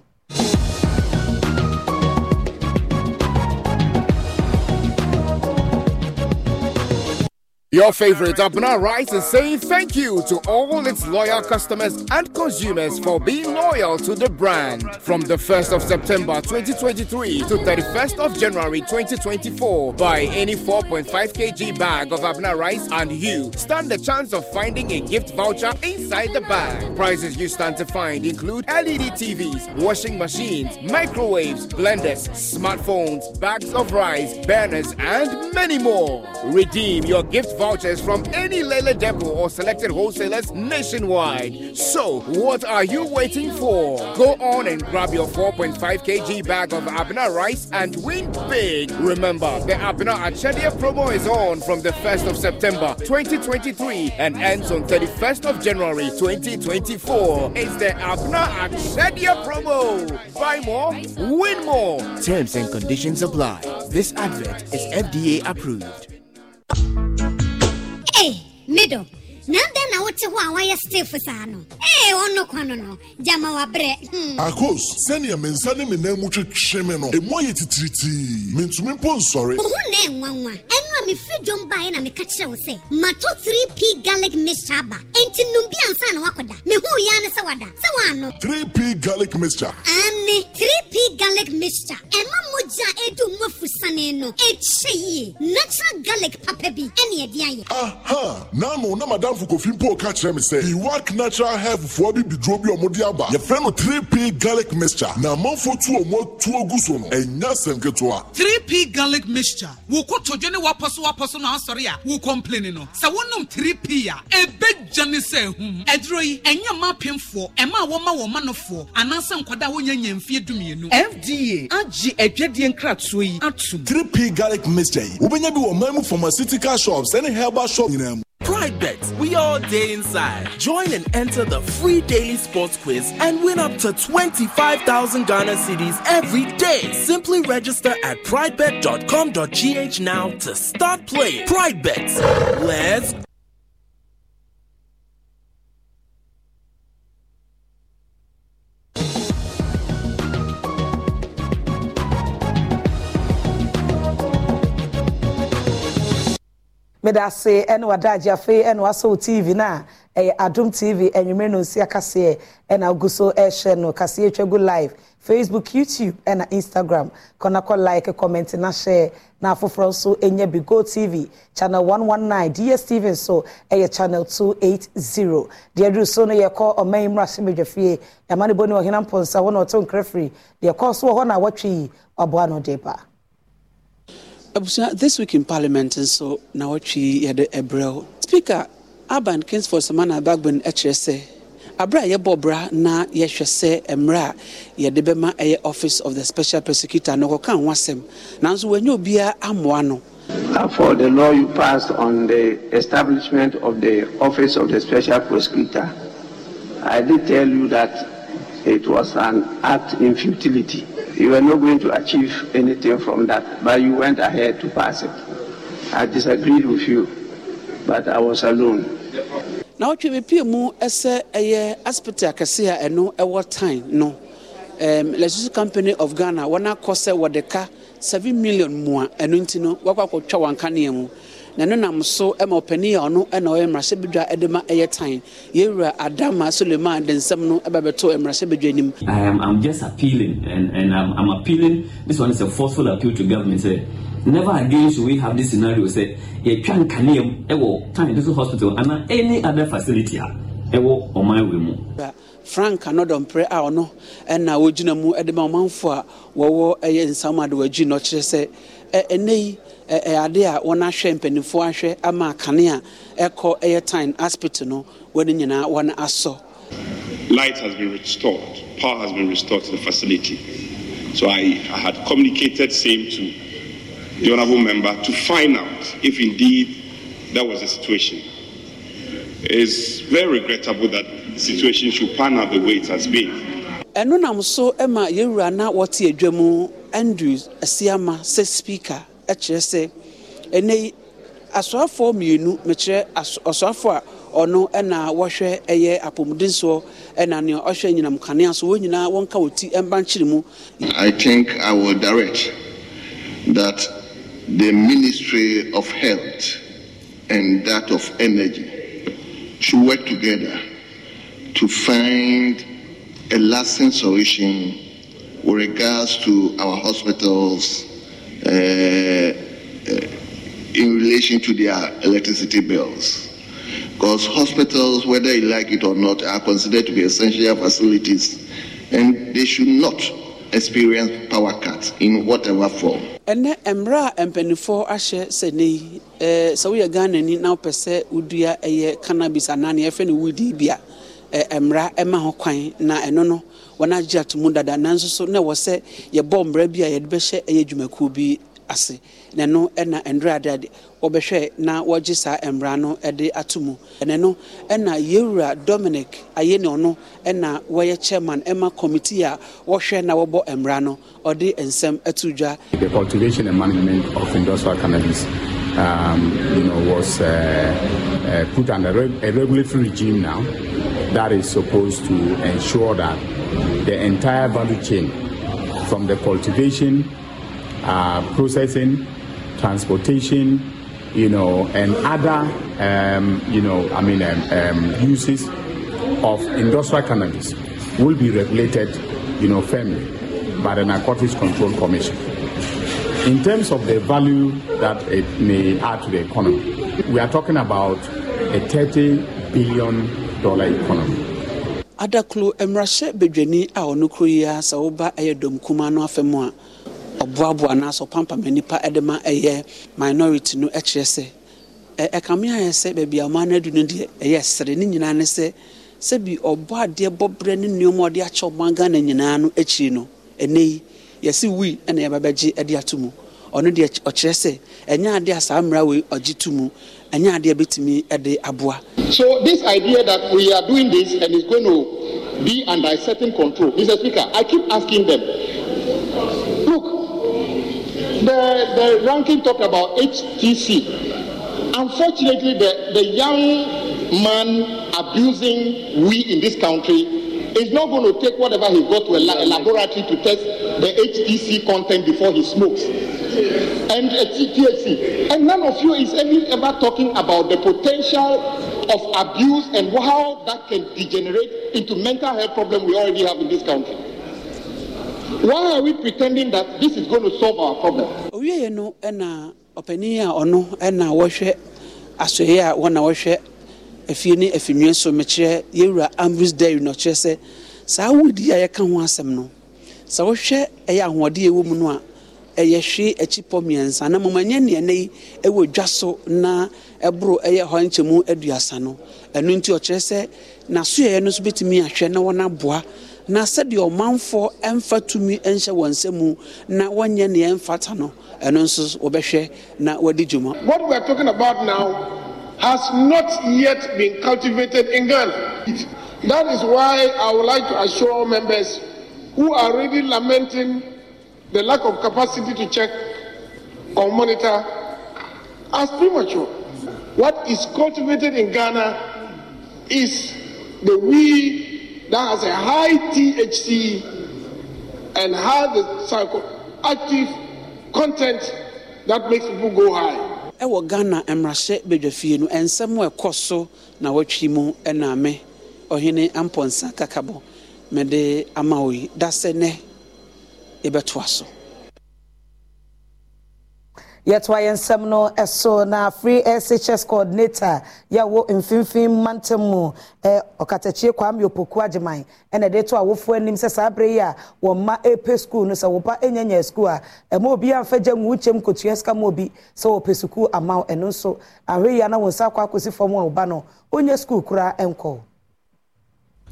Your favorite Abner Rice is saying thank you to all its loyal customers and consumers for being loyal to the brand. From the 1st of September 2023 to 31st of January 2024, buy any 4.5 kg bag of Abner Rice and you stand the chance of finding a gift voucher inside the bag. Prizes you stand to find include LED TVs, washing machines, microwaves, blenders, smartphones, bags of rice, banners, and many more. Redeem your gift voucher vouchers from any Lele depot or selected wholesalers nationwide. So, what are you waiting for? Go on and grab your 4.5 kg bag of Abner rice and win big. Remember, the Abner Achadia promo is on from the 1st of September 2023 and ends on 31st of January 2024. It's the Abner Achadia promo. Buy more, win more. Terms and conditions apply. This advert is FDA approved. けど、なんで wote hɔ a wayɛ stef saa no ee ɔno kwa no no gyama wabrɛ akos sɛnea me nsa ne me nan mu twetwe me no ɛmu ayɛ titiritii mentumi mpo nsɔre wo ho na ɛnwanwa ɛno a mefiri dwom baeɛ na meka kyerɛ wo sɛ mato 3p garlic mixture ba. enti nom ansa na wakɔda mehu yia ne sɛ wada sɛ woano 3p garlic mixture ane three p garlic mixture ɛma mogya a ɛdu mu afusane no ɛkyɛ yie natural garlic papa bi ɛne ɛde ayɛ aha naano na madamfo kɔfi ka kyerɛ me sɛ iwak natural healthfoɔ bi biduro bi ɔmo de aba yɛfrɛ no 3p garlic mixture na amanfo tu ɔmo atuo gu so no ɛnya sɛm ketewa 3p garlic mixture wo kotodwe ne wapɔ so wapɔ so na asɔre a wo complain no sɛ wonom 3p a ɛbɛgya ne sɛ hmm, ɛduro yi ɛnyɛ ma apemfoɔ ɛma a wɔma wɔn manofoɔ anaasɛ nkɔda a wonya nya mfie dumienu fda agye adwadeɛ nkratoɔ yi atom 3p garlic mixture yi wobɛnya bi wɔ man pharmaceutical shops ɛne herbal shop nyinaa mu Pride Bet, we all day inside. Join and enter the free daily sports quiz and win up to 25,000 Ghana cities every day. Simply register at pridebet.com.gh now to start playing. Pride Bet, let's meda ase ɛne wadagye afei ɛne wasɔ tv no a ɛyɛ adom tv anwumere no nsi akaseɛ ɛna ogu so ɛhyɛ no kaseɛ atwa gu live facebook youtube ɛna instagram kɔnakɔ like comment na share na afoforɔ nso ɛnya bi go tv channel 119 dstv nso ɛyɛ channel 280 deɛ aduru so no yɛkɔ ɔman yi mmra hyɛmadwafie ɛma no bɔ ne ɔhena mponsa hɔ na ɔto nkrɛfiri deɛ kɔɔ so wɔ hɔ na watwe yi waboa no de ba abusua this week in parliament nso na wɔtwi yɛde ɛbrɛw speaker aban kingsford samana bagbin ɛkyerɛ sɛ abere a yɛbɔ bra na yɛhwɛ sɛ mmerɛ a yɛde bɛma ɛyɛ office of the special prosecutor No ɔkɔka ho asɛm nanso wɔanya obiara amoa no for the law you passed on the establishment of the office of the special prosecutor i did tell you that it was an act in futility. You were not going to achieve anything from that, but you went ahead to pass it. I disagreed with you, but I was alone. na wotwe bepie mu sɛ ɛyɛ aspect akɛse a ɛno ɛwɔ time no um, lesusu company of ghana wɔn akɔ sɛ wɔde ka seven million mu a ɛno nti no wɔakɔ akɔtwa wɔn kanea mu na ɛno nam so ma ɔpanin a ɔno na ɔyɛ mmarahyɛbadwa de ma ɛyɛ tan yɛwura adama suleiman de nsɛm no ba bɛto mmarahyɛbadwa nim. i i'm just appealing and and i'm, I'm appealing this one is a forceful appeal to government say never again should we have this scenario say yɛtwa nkaneɛm wɔ tan district hospital ana any other facility a ɛwɔ ɔman wei mu frank anɔdɔmpere a ɔno ɛna wɔgyina mu de ma ɔmanfoɔ a wɔwɔ ɛyɛ nsam adewagyi no ɔkyerɛ sɛ e, ɛnɛ yi ɛɛ ade a wɔn ahwɛ mpanimfoɔ ahwɛ ama kanea ɛkɔ ɛyɛ time hospital no wɔn nyinaa wɔn asɔ. light has been restored power has been restored to the facility so i i had communicated same to the honourable member to find out if indeed that was the situation It's very regrettable that the situation should pan out the way it has been. ɛno nam so ma yɛwura na wɔte adwa mu andrew asiama sɛ speaker kyerɛ sɛ ɛnɛ yi asɔafoɔ mmienu mekyerɛ asɔafoɔ a ɔno ɛna wɔhwɛ ɛyɛ apɔmudensoɔ ɛna nea ɔhwɛ nyinam kanea so wɔn nyinaa wɔnka wɔ ti ɛmba nkyiri mu. i think i will direct that the ministry of health and that of energy should work together to find a lasting solution with regards to our hospitals. Uh, in relation to their electricity bills. Because hospitals, whether you like it or not, are considered to be essential facilities and they should not experience power cuts in whatever form. ɛnɛ mmerɛ a mpanimfoɔ ahyɛ sɛ ne yi eh, sɛ woyɛ ghanani na wopɛ sɛ wodua ɛyɛ cannabis anaa neɛ yɛfɛ no wodii bia mmara ma ho kwan na ɛno no wɔn agye ato mu dada nanso so na ɛwɔ sɛ yɛbɔ mmara bi a yɛde bɛhyɛ ɛyɛ dwumakuo bi ase na ɛno ɛna ndora adeade wɔbɛhwɛ na wɔgye saa mmara no ɛde ato mu ɛna no ɛna yewura dominic ayene ɔno ɛna wɔyɛ chairman ɛma committee a wɔhwɛ na wɔbɔ mmara no ɔde nsɛm ɛto dwa. the cultivation and management of industrial cannabis um, you know, was uh, uh, put under a regulatory regime now. that is supposed to ensure that the entire value chain from the cultivation, uh, processing, transportation, you know, and other, um, you know, I mean, um, um, uses of industrial cannabis will be regulated, you know, firmly by the Narcotics Control Commission. In terms of the value that it may add to the economy, we are talking about a 30 billion dollar economy. adakulu mmarahyɛ badwani a ɔno kuro yi a sɛ ɛyɛ dɔm kuma no afɛ mu a ɔboaboa naasɔ pampama nipa ɛde ma ɛyɛ minority no ɛkyerɛ sɛ ɛkame e, ayɛ sɛ baabi a ɔmaa no adu no deɛ ɛyɛ srɛ ne nyinaa ne sɛ sɛbi ɔbɔ adeɛ bɔbrɛ ne nneɛma ɔde akyɛ ɔman ghana nyinaa no akyiri no ɛnɛ yi yɛsi wi ɛna yɛbɛbɛgye ɛde ato mu ɔno deɛ ɔkyerɛ sɛ ɛnyɛ adeɛ a saa mmara wei ɔgye to mu ɛnyɛ adeɛ bɛtumi ɛde aboa So this idea that we are doing this and it's going to be under a certain control, Mr. Speaker, I keep asking them. Look, the, the ranking talked about HTC. Unfortunately, the, the young man abusing we in this country is not going to take whatever he got to a, la- a laboratory to test the HTC content before he smokes and uh, THC. And none of you is ever, ever talking about the potential of abuse and how that can degenerate into mental health problem we already have in this country. Why are we pretending that this is going to solve our problem? Owieye a ɔno na wɔhwɛ asɔe a wɔn na wɔhwɛ efie ne efinwe nso mekyerɛ yɛwura ambrose dairy na ɔkyerɛ sɛ saa awudi a yɛka ho asɛm no sɛ wohwɛ ɛyɛ ahoɔden a ɛwɔ mu no a ɛyɛ hwee akyi pɔ mmiɛnsa na mmom ɛnyɛ nea yi ɛwɔ dwa so na ɛboro ɛyɛ hɔ nkyɛmu aduasa no ɛno nti ɔkyerɛ sɛ n'asoyɛyɛ no nso bɛtumi ahwɛ na wɔn aboa na sɛdeɛ ɔmanfoɔ ɛmfa tumi ɛnhyɛ wɔn nsa mu na wɔnyɛ nea ɛmfata no ɛno nso wɔbɛhwɛ na wɔde dwuma. what we are talking about now has not yet been cultivated in ghana that is why i would like to assure members who are already lamenting the lack of capacity to check or monitor as premature. What is cultivated in Ghana is the weed that has a high THC and has the psychoactive content that makes people go high. ɛwɔ ghana mmarahyɛ badwafie no ɛnsɛm a ɛkɔ so na wɔatwi mu ɛna me ɔhene ampɔnsa kakabɔ mede ama yi da sɛ nɛ yɛbɛtoa so yɛtoa yɛn nsɛm no ɛso na free shs coordinator yɛwɔ mfimfin mantam mu ɛ e, ɔkatakyie kwame opoku agyeman ɛna ɛde to awofoɔ anim sɛ saa abere yi a wɔn mma ɛpɛ sukuu no sɛ wɔpa ɛnyanya sukuu a ɛma obi amfa gya ngu kyɛm kotua sika ma obi sɛ wɔpɛ sukuu ama ɛno nso ahwɛ yi a wɔn nsa akɔ akɔsi fam a ɔba no onye sukuu koraa ɛnkɔ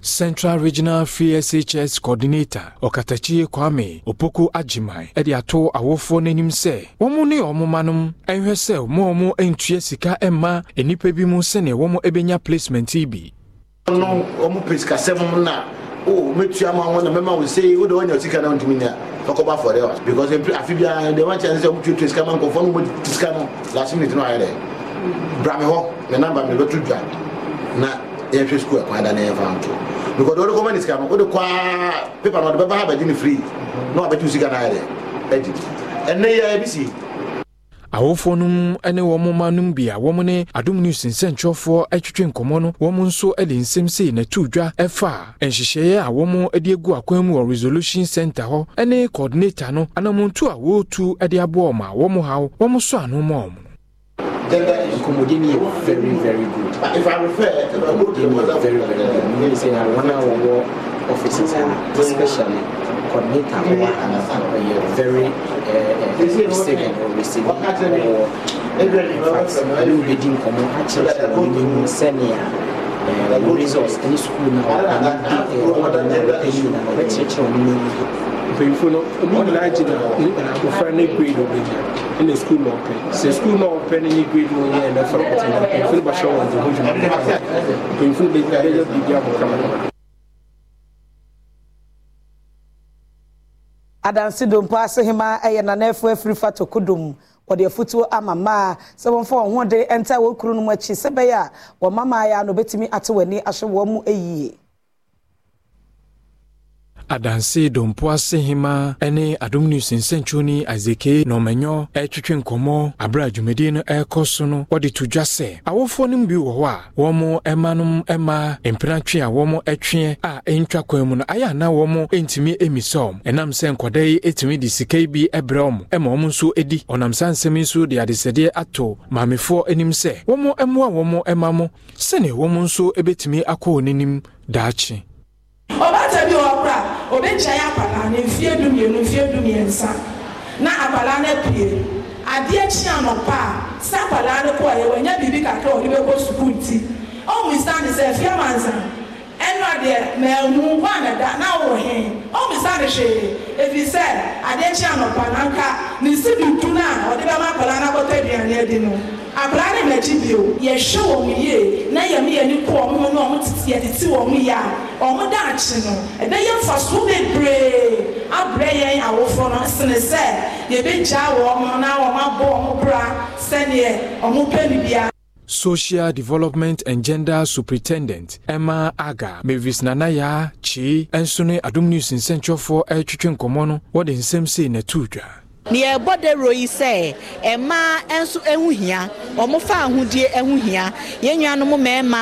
central regional free shs coordinator ɔkatakyie kwame opoku agyeman ɛde ato awofoɔ n'anim sɛ wɔn ne wɔn mmanom ɛnhwɛ sɛ wɔn a wɔn ntua sika mma nnipa bi mu sɛnea wɔn bɛnya placement yi bi. no wɔn pɛ sikasɛm na o metua ma wɔn na mɛma wɔn se o de wɔn nya sika na ntumi nya fɔkɔba fɔ dɛ wa because afi biara de wɔn akyɛn sɛ wɔn tuatua sika ma nkɔfɔ no wɔn ti sika no last minute no ayɛ dɛ brame mɛ namba mi lɔtu dwa na yɛhwɛ sukuu ɛkwan da na yɛmfa nto because wode kɔma ne sika no wode kɔa pepa no ɔde bɛba ha bɛgye no free na wabɛte wo sika no ayɛ dɛ agye ɛnnɛ yɛ bi si awofoɔ no mu ne wɔn mma no mu bi a wɔn ne adom news nsɛntwerɛfoɔ atwitwe nkɔmmɔ no wɔn nso de nsɛm sei n'atu dwa fa nhyehyɛeɛ a wɔn de agu akwan mu wɔ resolution center hɔ ne coordinator no anamontu a wɔretu de aboa wɔn a wɔn haw wɔn so ano ma wɔn. gender is very very good komodini yɛ very very good mo yɛ sɛ wɔn a offices ha especially coordinator wɔ ha ɔyɛ very receiving or receiving ɔwɔ infact ɔne wobɛdi nkɔmmɔ akyerɛ sɛ wɔne mu sɛnea resource school Eh, eh, eh, mpanyinfo e e e no ɔmo nyinaa gyina abɔfra ne grade ɔbɛnya ɛna sukuu na ɔpɛ sɛ sukuu na ɔpɛ ne nye grade no nyɛ ɛna fɔlɔ kɔtɔ na mpanyinfo no bɛhyɛ wɔn de ho dwuma mpanyinfo no bɛgyina bɛyɛ biribi abɔfra no. adansi dompo asehema ɛyɛ nanɛfo afiri fa tokodom wɔde afutuo ama mmaa sɛ wɔmfa wɔn ho de ɛnta wɔn kuro no mu akyi sɛ bɛyɛ a wɔn mmaa yɛ a na wɔn ani ahwɛ wɔn mu yie. adanse dompo ase hema ne adom news nsɛnkyerɛni azeke na ɔmanyɔ ɛretwetwe nkɔmmɔ abere a dwumadie no ɛrekɔ so no wɔde to dwa sɛ awofoɔ no mu bi wɔ hɔ a wɔn ɛma nom ɛma mpenatwe a wɔn ɛtwe a ɛntwa kwan mu no ayɛ ana wɔn ntumi emisɛ wɔn ɛnam sɛ nkɔda yi etumi de sika bi ɛbrɛ wɔn ɛma wɔn nso edi ɔnam saa nsɛm yi nso de adesɛdeɛ ato maamefoɔ anim sɛ wɔn ɛmoa wɔn ɛma mo sɛnea wɔn nso ebetumi akɔ wɔn anim daakye. ɔbaata bi wɔ kora obɛgyae akwadaa no mfeɛ du mmienu mfeɛ du mmiɛnsa na akwadaa no apue adeɛ kyi anɔpa a sɛ akwadaa no kɔɔ yɛ wɔnyɛ biribi kakra wɔde bɛkɔ sukuu nti ɔmo nsa ne sɛ fia mansa ɛnu adeɛ na ɛmu hɔ anada na ɔwɔ he ɔmo nsa ne hwee efi sɛ adeɛ kyi anɔpa na nka ne si dudu na ɔde bɛma akwadaa no akɔtɔ aduane adi no. abrane n'akyi bio yɛhwɛ wɔn yie na yɛn yɛn kɔ wɔn na wɔn yɛtete wɔn yie a wɔn daakye no ɛbɛyɛ mfasoɔ bebree abrɛ yɛn awofo no sene sɛ yɛbɛgyaa wɔn na wɔn abɔ wɔn bra sɛdeɛ wɔn pɛ no bia. Social Development and Gender Superintendent Emma Aga Mavis Nanaya Chi nso ne Adum News nsɛnkyɛwfoɔ retwetwe nkɔmmɔ no wɔde nsɛm sei na ɛto dwa nea ɛbɔ de ro yi sɛ mmaa nso ho hia wɔn fa ahodie ho hia yɛn nuanom mmarima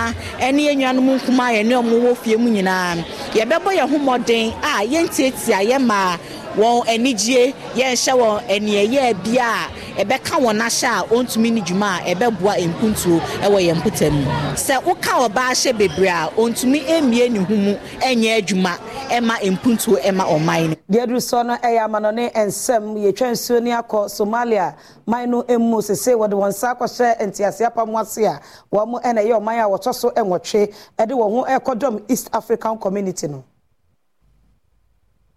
ne yɛn nuanom nkumaa yɛn ne wɔn wɔ fie mu nyinaa yɛbɛbɔ yɛn ho mmɔden a yɛn tietia mmaa wɔn anigye yɛnhyɛ wɔn aniɛyɛ bia a ɛbɛka wɔn ahyɛ a ɔntumi ne dwuma a ɛbɛboa mpuntuo ɛwɔ yɛn mputa mu sɛ woka ɔbaa hyɛ bebree a ɔntumi mmie ne ho mu ɛnyɛ adwuma ɛma mpuntuo ɛma ɔman no. deɛ duru soɔ no ɛyɛ amanɔne nsɛm yɛtwa nsuo ne akɔ somalia man no mu sese wɔde wɔn nsa akɔhyɛ ntease apam ase a wɔn ɛna ɛyɛ ɔman a wɔtɔ so nwɔtwe ɛde wɔn ho ɛkɔ east african community no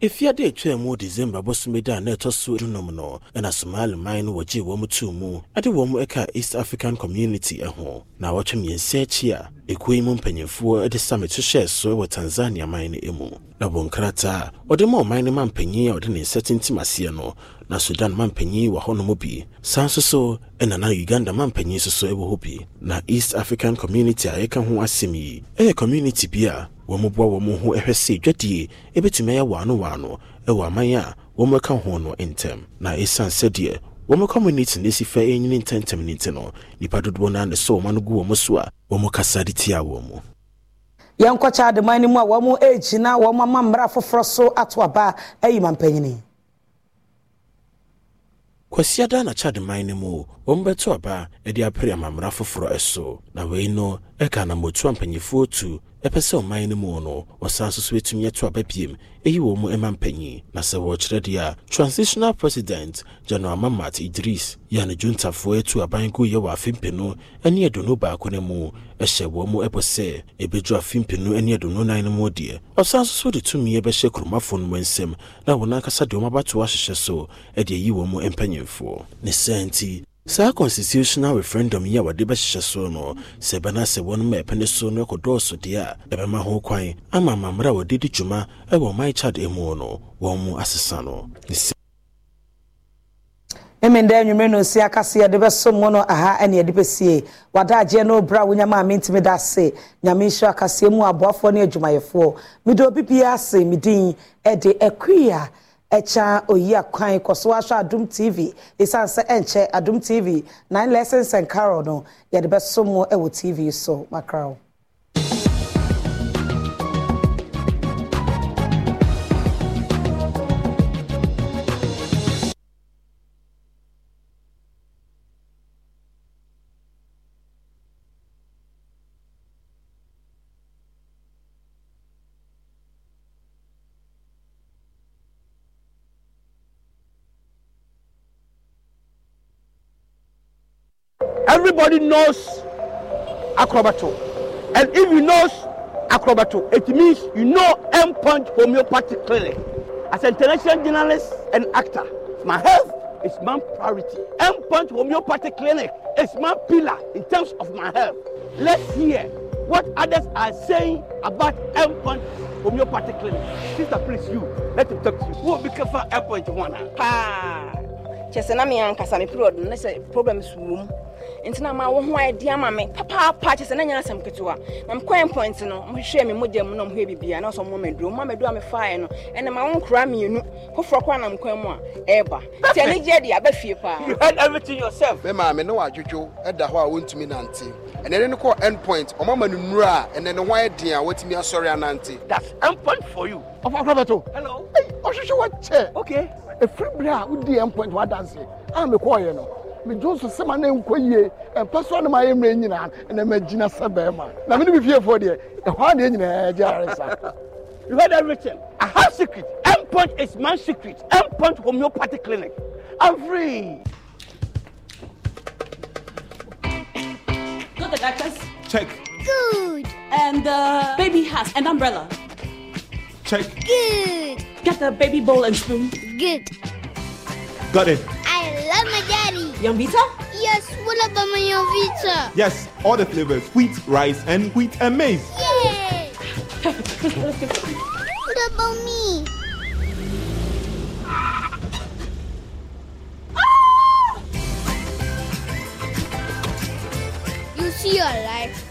efiada etwa mu december bosome da na ɛtɔ so dunum no ɛna somali man no wɔgyee wɔn too mu ɛde wɔn ɛka east african community ɛho na wɔtwe mmiɛnsa akyi a ekuo yi mu mpanyinfoɔ de summit hyɛɛ so wɔ tanzania man no mu na wɔn krataa ɔde ma ɔman no ma mpanyin a ɔde ne nsa tintim aseɛ no na sudan ma mpanyin wɔ hɔnom bi saa nso so ɛna na uganda ma mpanyin nso so ɛwɔ hɔ bi na east african community a yɛka ho asɛm yi ɛyɛ community bi a wɔmoboa wɔ mo ho ɛhwɛ sɛ dwadie ɛbɛtumi ayɛ waanowaano ɛwɔ aman a wɔmmɛka ho no ntɛm na ɛsiane sɛdeɛ wɔn community na esi fɛ enyini ntɛntɛm ne nti no nipa dodoɔ naa ne so wɔn ano gu wɔn so a wɔn kasa de tia wɔn mu. yɛn kɔkyɛ ademan no mu a wɔn egyina wɔn ama mmara foforɔ so ato aba ayi ma mpanyin. kwasi adaa na kyademan no mu wɔn bɛto aba de apere amammara foforɔ so na wei no ɛka na mmotua mpanyifoɔ tu ɛpɛ sɛ ɔman no mu wɔ no ɔsan so so bɛtumi ato aba biem ɛyi wɔn mu ma mpanyin na sɛ wɔrekyerɛ deɛ a transitional president general mamat idris yɛ ne juntafoɔ atu aban go yɛ wɔ afempenu ne aduonu baako no mu ɛhyɛ wɔn mu ɛbɔ sɛ ɛbɛduru afempenu ne aduonu nan no mu deɛ ɔsan so so de tumi bɛhyɛ kuromafoɔ no mu nsam na wɔn ankasa deɛ wɔn abatoɔ ahyehyɛ so ɛde ayi wɔn mu mpanyinfoɔ ne sɛ nti saa constitutional referendum yi a wɔde bɛhyehyɛ so no sɛ ɛbɛna sɛ wɔn ma ɛpɛne so no ɛkɔdɔɔso deɛ a ɛbɛma ho kwan ama amammerɛ a wɔde di dwuma ɛwɔ ɔman chad mu no wɔn mu asesa no mmenda nnwumere no si akase yɛde bɛsom mu no aha ɛne yɛde bɛsie wadagyeɛ no obra wo nyama a mentumi da ase nyame nhyira akaseɛ mu aboafoɔ ne adwumayɛfoɔ mede obi biara ase medin ɛde akuyi a ɛkya oyi akwan kɔso ahwɛ adum tv esan sɛ ɛnkyɛ adum tv nine lessons and carol no yɛde bɛso mu ɛwɔ tv so makraw. everybody knows acrobato and if you know acrobato it means you know m punch homeopathy clinic as an international journalist and actor my health is my priority m punch homeopathy clinic is my pillar in terms of my health let's hear what others are saying about m punch homeopathy clinic sister please you let me talk to you wo be kafa m punch one? paa kyerɛ sɛ na me ankasa me period no ne sɛ problems wɔ nti na ma wo ho ade ama me papaapa kyɛ sɛ na asɛm ketewa na mekɔɛ point no mohwehwɛ me mogya mu na mohwɛ biribia na sɛ mmamaduro mmamaduro a mefaeɛ no ɛnɛ ma wo nkora mmienu foforɔ kɔ anam kwan mu a ɛɛba nti ɛne gye de abɛfie paa you had everything yourself me maame ne wadwodwo ɛda hɔ a wɔntumi nante ɛnɛ ne kɔ end point ɔmama no nnuro a ɛnɛ ne ho ayɛ den a watumi asɔre anante that's end point for you ɔfa kora bɛto hello ɔhwehwɛ wɔkyɛ okay ɛfiri berɛ a wodi end point wadanse a mekɔɔyɛ no me johnson sema na nkɔ yie mpɛ so anam ayɛ mmerɛ nyinaa ɛna magyina sɛ bɛrima na mene mefiefoɔ deɛ ɛhɔ adeɛ nyinaa agye are sa You heard everything. I have secret. M point is my secret. M point homeopathy clinic. I'm free. Got the mattress? Check. Good. And the uh, baby has an umbrella. Check. Good. Get the baby bowl and spoon. Good. Got it. I love my dad. Yumvita? Yes, what about my Yumvita? Yes, all the flavors wheat, rice, and wheat and maize. Yay! what about me? Oh! You see your life.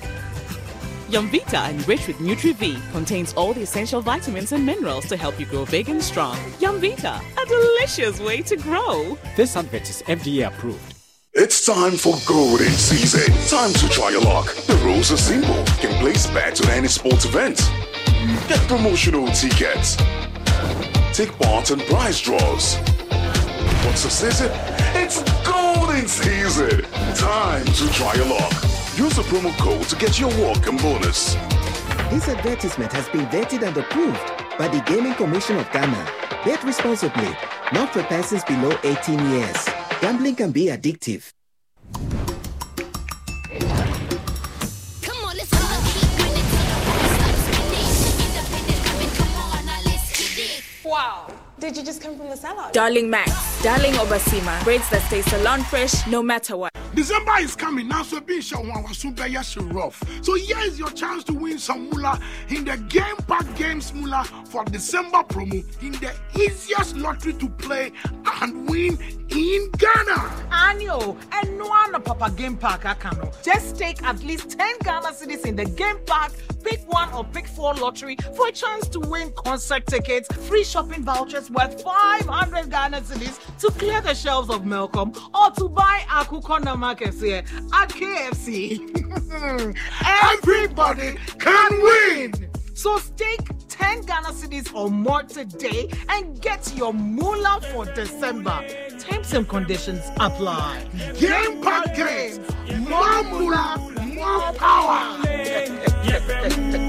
Yumvita, enriched with Nutri-V, contains all the essential vitamins and minerals to help you grow big and strong. Yumvita, a delicious way to grow. This advert is FDA approved. It's time for golden season. Time to try your luck. The rules are simple. You can place bets on any sports event. Get promotional tickets. Take part in prize draws. What's the season? It's golden season. Time to try your luck. Use the promo code to get your welcome bonus. This advertisement has been vetted and approved by the Gaming Commission of Ghana. Bet responsibly, not for persons below 18 years. Gambling can be addictive. Wow. Did you just come from the salon? Darling Max, Darling Obasima, braids that stay salon fresh no matter what. December is coming now, so be sure yes rough. So here is your chance to win some moolah in the Game Pack Games moolah for December promo in the easiest lottery to play and win in Ghana. Anio, and no one Papa Game Pack Akano. Just take at least 10 Ghana cities in the Game Pack, pick one or pick four lottery for a chance to win concert tickets, free shopping vouchers worth 500 Ghana cities to clear the shelves of Melcom or to buy number. Mama can at KFC, *laughs* *laughs* everybody can win. So stake 10 Ghana cities or more today and get your moolah for December. Terms and conditions apply. Game package, more moolah, more power.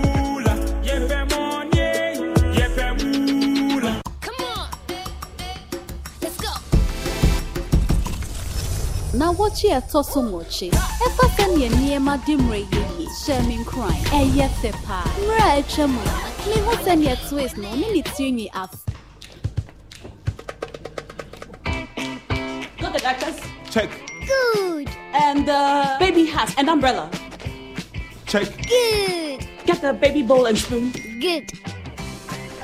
*laughs* na wɔkye ɛtɔ so much. ɛfa sɛ neɛ nneɛma de mmerɛ yɛ yi hyɛ me nkran ɛyɛ fɛ paa mmerɛ a atwa mu no mehu sɛ neɛ twist no me need to af Look Got the chest. Check. Good. And uh, baby hat and umbrella. Check. Good. Get the baby bowl and spoon. Good.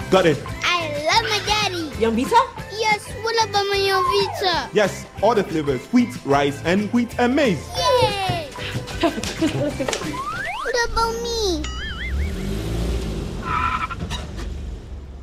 Got it. I love my daddy. Your pizza? Yes, what about my young pizza? Yes, all the flavors wheat, rice, and wheat and maize. Yay! *laughs* what about me?